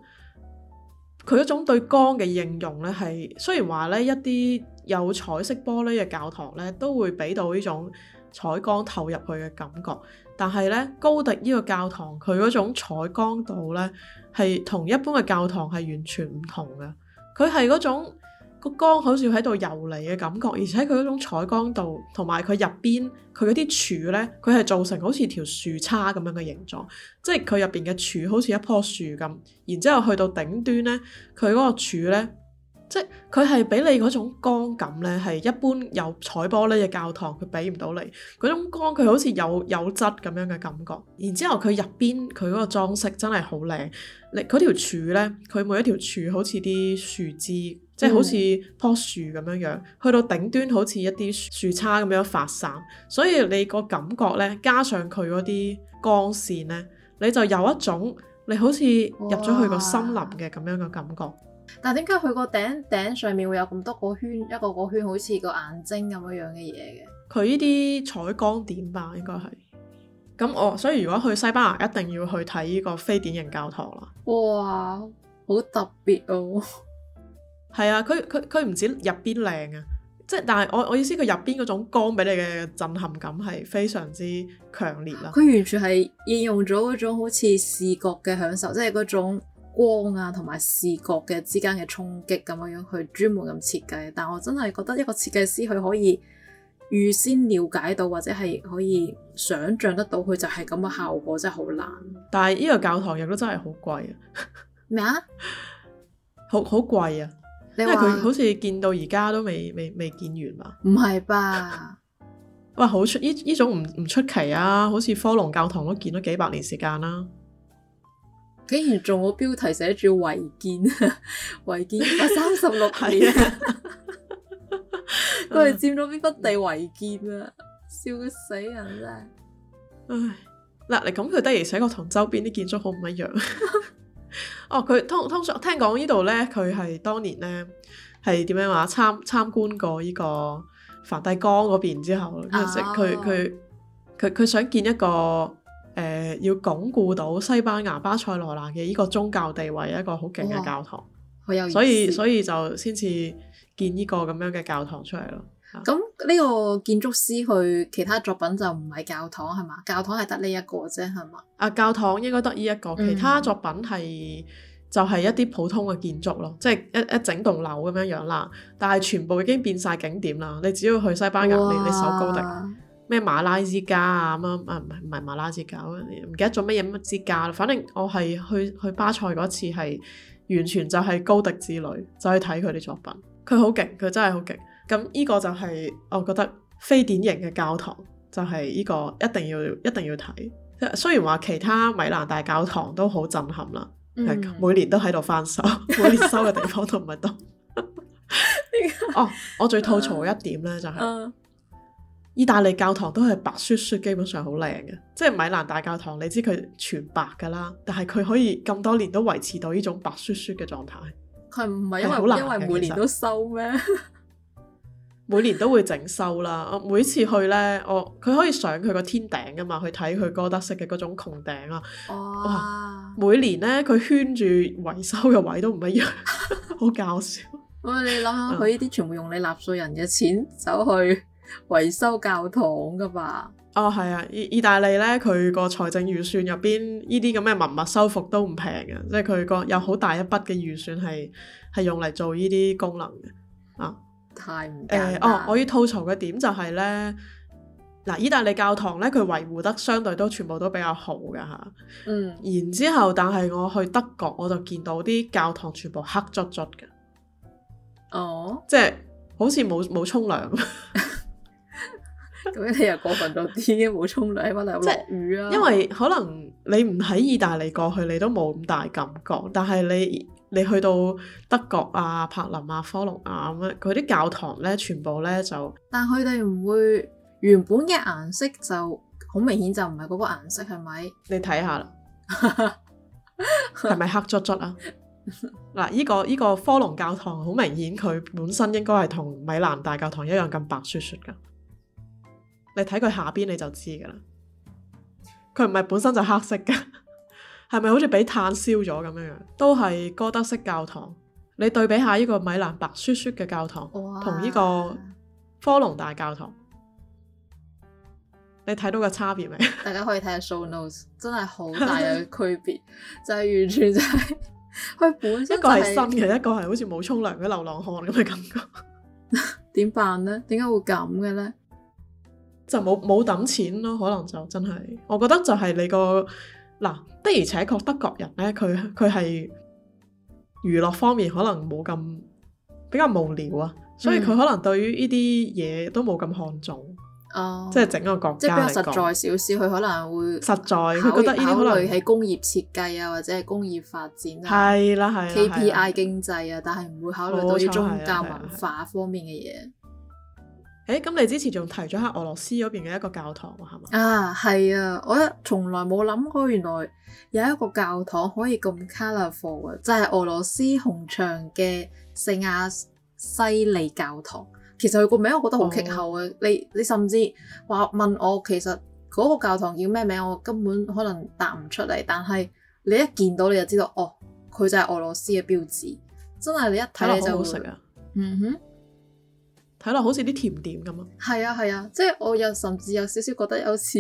佢嗰種對光嘅應用呢，係雖然話呢，一啲有彩色玻璃嘅教堂呢，都會俾到呢種。採光透入去嘅感覺，但係咧，高迪呢個教堂佢嗰種採光度咧，係同一般嘅教堂係完全唔同嘅，佢係嗰種個光好似喺度游離嘅感覺，而且佢嗰種採光度同埋佢入邊佢嗰啲柱咧，佢係做成好似條樹叉咁樣嘅形狀，即係佢入邊嘅柱好似一棵樹咁，然之後去到頂端咧，佢嗰個柱咧。即係佢係俾你嗰種光感呢，係一般有彩玻璃嘅教堂，佢俾唔到你嗰種光，佢好似有有質咁樣嘅感覺。然之後佢入邊佢嗰個裝飾真係好靚，你嗰條柱呢，佢每一條柱好似啲樹枝，即係好似棵樹咁樣樣，去到頂端好似一啲樹叉咁樣發散。所以你個感覺呢，加上佢嗰啲光線呢，你就有一種你好似入咗去個森林嘅咁樣嘅感覺。但點解佢個頂頂上面會有咁多個，圈一個個圈，好似個眼睛咁樣樣嘅嘢嘅？佢呢啲彩光點吧，應該係。咁我、哦、所以如果去西班牙，一定要去睇呢個非典型教堂啦。哇，好特別哦！係啊，佢佢佢唔止入邊靚啊，即係但係我我意思佢入邊嗰種光俾你嘅震撼感係非常之強烈啦。佢完全係應用咗嗰種好似視覺嘅享受，即係嗰種。光啊，同埋視覺嘅之間嘅衝擊咁樣樣去專門咁設計，但我真係覺得一個設計師佢可以預先了解到，或者係可以想像得到佢就係咁嘅效果，真係好難。但係呢個教堂亦都真係好貴啊！咩啊麼？ 好好貴啊！你說 因為佢好似見到而家都未未未建完嘛，啊？唔係吧？喂， 好出呢呢種唔唔出奇啊！好似科隆教堂都建咗幾百年時間啦、啊、～竟然仲個標題寫住違建，違建啊三十六年啊！佢哋 佔咗邊忽地違建啊！笑死人真係，唉嗱，你咁佢，而且個同周邊啲建築好唔一樣。哦，佢通通常聽講呢度咧，佢係當年咧係點樣話參參觀過呢個梵蒂岡嗰邊之後，佢佢佢佢想建一個。誒、呃、要鞏固到西班牙巴塞羅那嘅呢個宗教地位，一個好勁嘅教堂，哦、所以所以就先至建呢個咁樣嘅教堂出嚟咯。咁呢、嗯嗯、個建築師去其他作品就唔係教堂係嘛？教堂係得呢一個啫係嘛？啊，教堂應該得呢一個，其他作品係就係、是、一啲普通嘅建築咯，即係、嗯、一一整棟樓咁樣樣啦。但係全部已經變晒景點啦。你只要去西班牙，哇你你搜高迪。咩馬拉之家啊咁啊唔係唔係馬拉之家，唔記得做咩嘢乜之家啦。反正我係去去巴塞嗰次係完全就係高迪之旅，就去睇佢啲作品。佢好勁，佢真係好勁。咁呢個就係我覺得非典型嘅教堂，就係、是、呢個一定要一定要睇。雖然話其他米蘭大教堂都好震撼啦、mm hmm.，每年都喺度翻修，每年修嘅地方都唔係多。 麼哦，我最吐槽一點呢、就是，就係～意大利教堂都係白雪雪，基本上好靚嘅。即係米蘭大教堂，你知佢全白噶啦。但係佢可以咁多年都維持到呢種白雪雪嘅狀態。係唔係因為好難因為每年都修咩？ 每年都會整修啦。每次去呢，我佢可以上佢個天頂啊嘛，去睇佢哥德式嘅嗰種穹頂啊。哇，哇！每年呢，佢圈住維修嘅位都唔一樣，好 搞笑。咁你諗下佢呢啲全部用你納稅人嘅錢走去。維修教堂噶吧？哦，係啊，意意大利咧，佢個財政預算入邊，呢啲咁嘅文物修復都唔平嘅，即係佢個有好大一筆嘅預算係係用嚟做呢啲功能嘅啊。太唔平、呃、哦，我要吐槽嘅點就係、是、咧，嗱，意大利教堂咧，佢維護得相對都全部都比較好噶吓。嗯。然之後，但係我去德國，我就見到啲教堂全部黑卒卒嘅。哦。即係好似冇冇沖涼。 咁你又過分咗啲，已經冇沖涼，乜嚟乜落雨啊？因為可能你唔喺意大利過去，你都冇咁大感覺。但係你你去到德國啊，柏林啊，科隆啊咁樣，佢啲教堂咧，全部咧就……但佢哋唔會原本嘅顏色就好明顯，就唔係嗰個顏色，係咪？你睇下啦，係咪 黑卒卒啊？嗱， 啊，依個依個科隆教堂好明顯，佢本身應該係同米蘭大教堂一樣咁白雪雪噶。你睇佢下邊你就知噶啦，佢唔係本身就黑色嘅，係 咪好似俾炭燒咗咁樣樣？都係哥德式教堂，你對比下呢個米蘭白雪雪嘅教堂哇，同呢個科隆大教堂，你睇到個差別未？大家可以睇下 show notes，真係好大嘅區別， 就係完全就係、係、佢本身、就係、一個係新嘅，一個係好似冇沖涼嘅流浪漢咁嘅感覺，點 辦呢？點解會咁嘅呢？就冇冇抌錢咯，可能就真係，我覺得就係你個嗱的，的而且確德國人咧，佢佢係娛樂方面可能冇咁比較無聊啊，所以佢可能對於呢啲嘢都冇咁看重，哦、嗯，即係整個國家嚟講。即係實在少少，佢可能會實在，佢覺得呢啲可能考慮喺工業設計啊，或者係工業發展、啊，係啦係 KPI 經濟啊，但係唔會考慮到啲宗教文化方面嘅嘢。誒，咁、欸、你之前仲提咗下俄羅斯嗰邊嘅一個教堂喎，係嘛？啊，係啊，我一從來冇諗過，原來有一個教堂可以咁 colourful 嘅，就係、是、俄羅斯紅牆嘅聖亞西利教堂，聖瓦西里教堂。其實佢個名我覺得好奇後嘅，哦、你你甚至話問我，其實嗰個教堂叫咩名，我根本可能答唔出嚟。但係你一見到你就知道，哦，佢就係俄羅斯嘅標誌，真係你一睇你就好會，好啊、嗯哼。睇落好似啲甜點咁啊！係啊係啊，即係我又甚至有少少覺得有似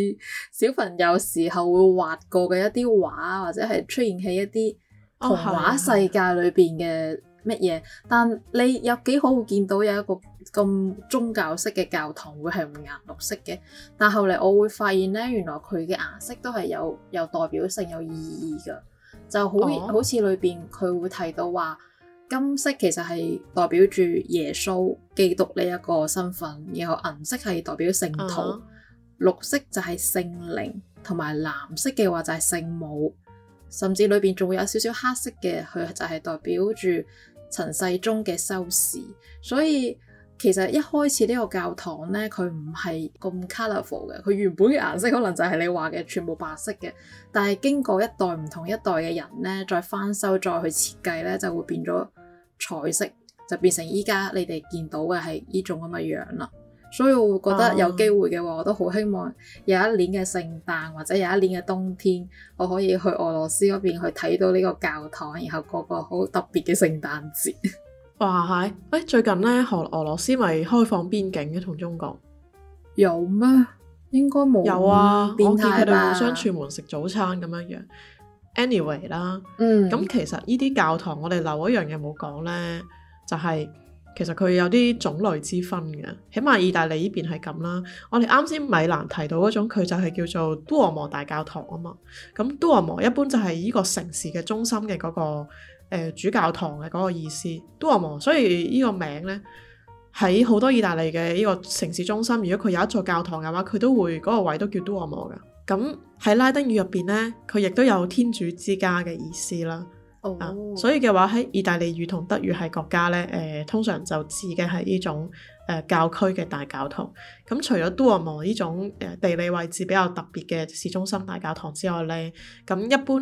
小朋友時候會畫過嘅一啲畫，或者係出現喺一啲童話世界裏邊嘅乜嘢。哦啊、但你有幾可會見到有一個咁宗教式嘅教堂會係五顏六色嘅？但後嚟我會發現呢，原來佢嘅顏色都係有有代表性、有意義㗎，就、哦、好好似裏邊佢會提到話，金色其實係代表住耶穌基督呢一個身份，然後銀色係代表聖徒，uh huh. 綠色就係聖靈，同埋藍色嘅話就係聖母，甚至裏邊仲會有少少黑色嘅，佢就係代表住塵世中嘅修士。所以其實一開始呢個教堂呢，佢唔係咁 colourful 嘅，佢原本嘅顏色可能就係你話嘅全部白色嘅，但係經過一代唔同一代嘅人呢，再翻修再去設計呢，就會變咗。彩色，就變成依家你哋見到嘅係呢種咁嘅樣啦，所以我會覺得有機會嘅話，uh, 我都好希望有一年嘅聖誕或者有一年嘅冬天，我可以去俄羅斯嗰邊去睇到呢個教堂，然後過個好特別嘅聖誕節。哇係，誒、欸、最近咧俄俄羅斯咪開放邊境嘅同中國？有咩？應該冇。有啊，我見佢哋互相串門食早餐咁樣樣。Anyway 啦，嗯，咁其實呢啲教堂我哋留一樣嘢冇講呢，就係、是，其實佢有啲種類之分嘅，起碼意大利呢邊係咁啦。我哋啱先米蘭提到嗰種，佢就係叫做 Duomo 大教堂啊嘛。咁 Duomo 一般就係呢個城市嘅中心嘅嗰、那個、呃、主教堂嘅嗰個意思，Duomo。所以呢個名呢，喺好多意大利嘅呢個城市中心，如果佢有一座教堂嘅話，佢都會嗰個位都叫 Duomo 噶。咁喺拉丁語入邊呢，佢亦都有天主之家嘅意思啦。Oh. 啊，所以嘅話喺意大利語同德語係國家呢，誒、呃、通常就指嘅係呢種誒、呃、教區嘅大教堂。咁、嗯、除咗都阿莫呢種誒地理位置比較特別嘅市中心大教堂之外呢，咁、嗯、一般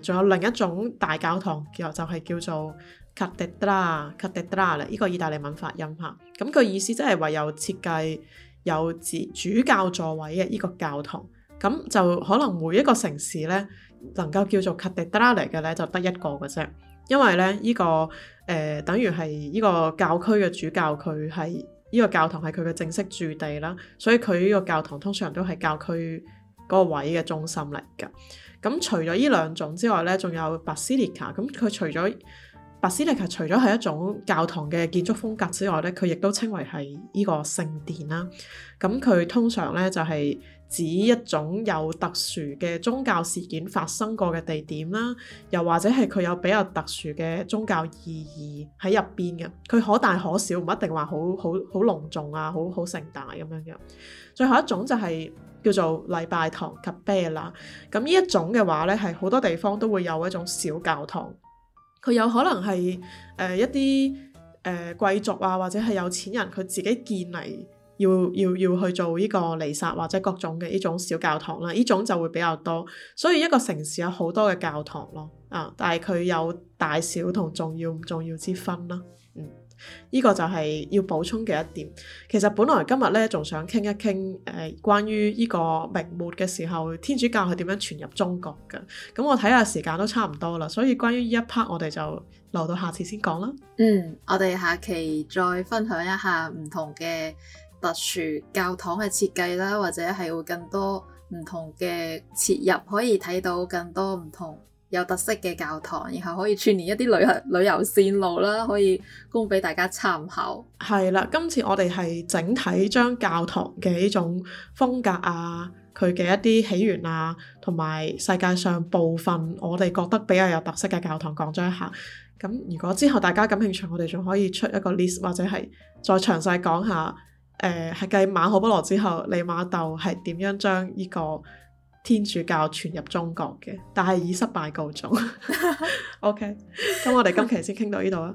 誒仲、呃、有另一種大教堂，又就係、是、叫做 cattedra cattedra 啦。呢個意大利文發音嚇，咁、嗯、個意思即係話有設計有自主教座位嘅呢個教堂。咁就可能每一個城市咧，能夠叫做 cathedra 嚟嘅咧，就得一個嘅啫。因為咧，呢、呢個誒、呃，等於係呢個教區嘅主教，佢係呢個教堂係佢嘅正式住地啦。所以佢呢個教堂通常都係教區嗰個位嘅中心嚟嘅。咁、嗯、除咗呢兩種之外咧，仲有 basilica、嗯。咁佢除咗 basilica，除咗係一種教堂嘅建築風格之外咧，佢亦都稱為係呢個聖殿啦。咁、嗯、佢通常咧就係、是。指一種有特殊嘅宗教事件發生過嘅地點啦，又或者係佢有比較特殊嘅宗教意義喺入邊嘅。佢可大可小，唔一定話好好好隆重啊，好好盛大咁樣嘅。最後一種就係、是、叫做禮拜堂 capella。咁呢一種嘅話呢，係好多地方都會有一種小教堂。佢有可能係誒、呃、一啲誒、呃、貴族啊，或者係有錢人佢自己建立。要要要去做呢個彌撒或者各種嘅呢種小教堂啦，呢種就會比較多，所以一個城市有好多嘅教堂咯，啊，但係佢有大小同重要唔重要之分啦。呢、嗯、依、這個就係要補充嘅一點。其實本來今日呢，仲想傾一傾誒、呃、關於呢個明末嘅時候天主教係點樣傳入中國嘅，咁、嗯、我睇下時間都差唔多啦，所以關於呢一 part 我哋就留到下次先講啦。嗯，我哋下期再分享一下唔同嘅。特殊教堂嘅設計啦，或者係會更多唔同嘅切入，可以睇到更多唔同有特色嘅教堂，然後可以串聯一啲旅行旅遊線路啦，可以供俾大家參考。係啦，今次我哋係整體將教堂嘅呢種風格啊，佢嘅一啲起源啊，同埋世界上部分我哋覺得比較有特色嘅教堂講咗一下。咁如果之後大家感興趣，我哋仲可以出一個 list 或者係再詳細講下。誒係，繼馬可波羅之後，利瑪竇係點樣將呢個天主教傳入中國嘅，但係以失敗告終。 OK，咁 我哋今期先傾到呢度啊。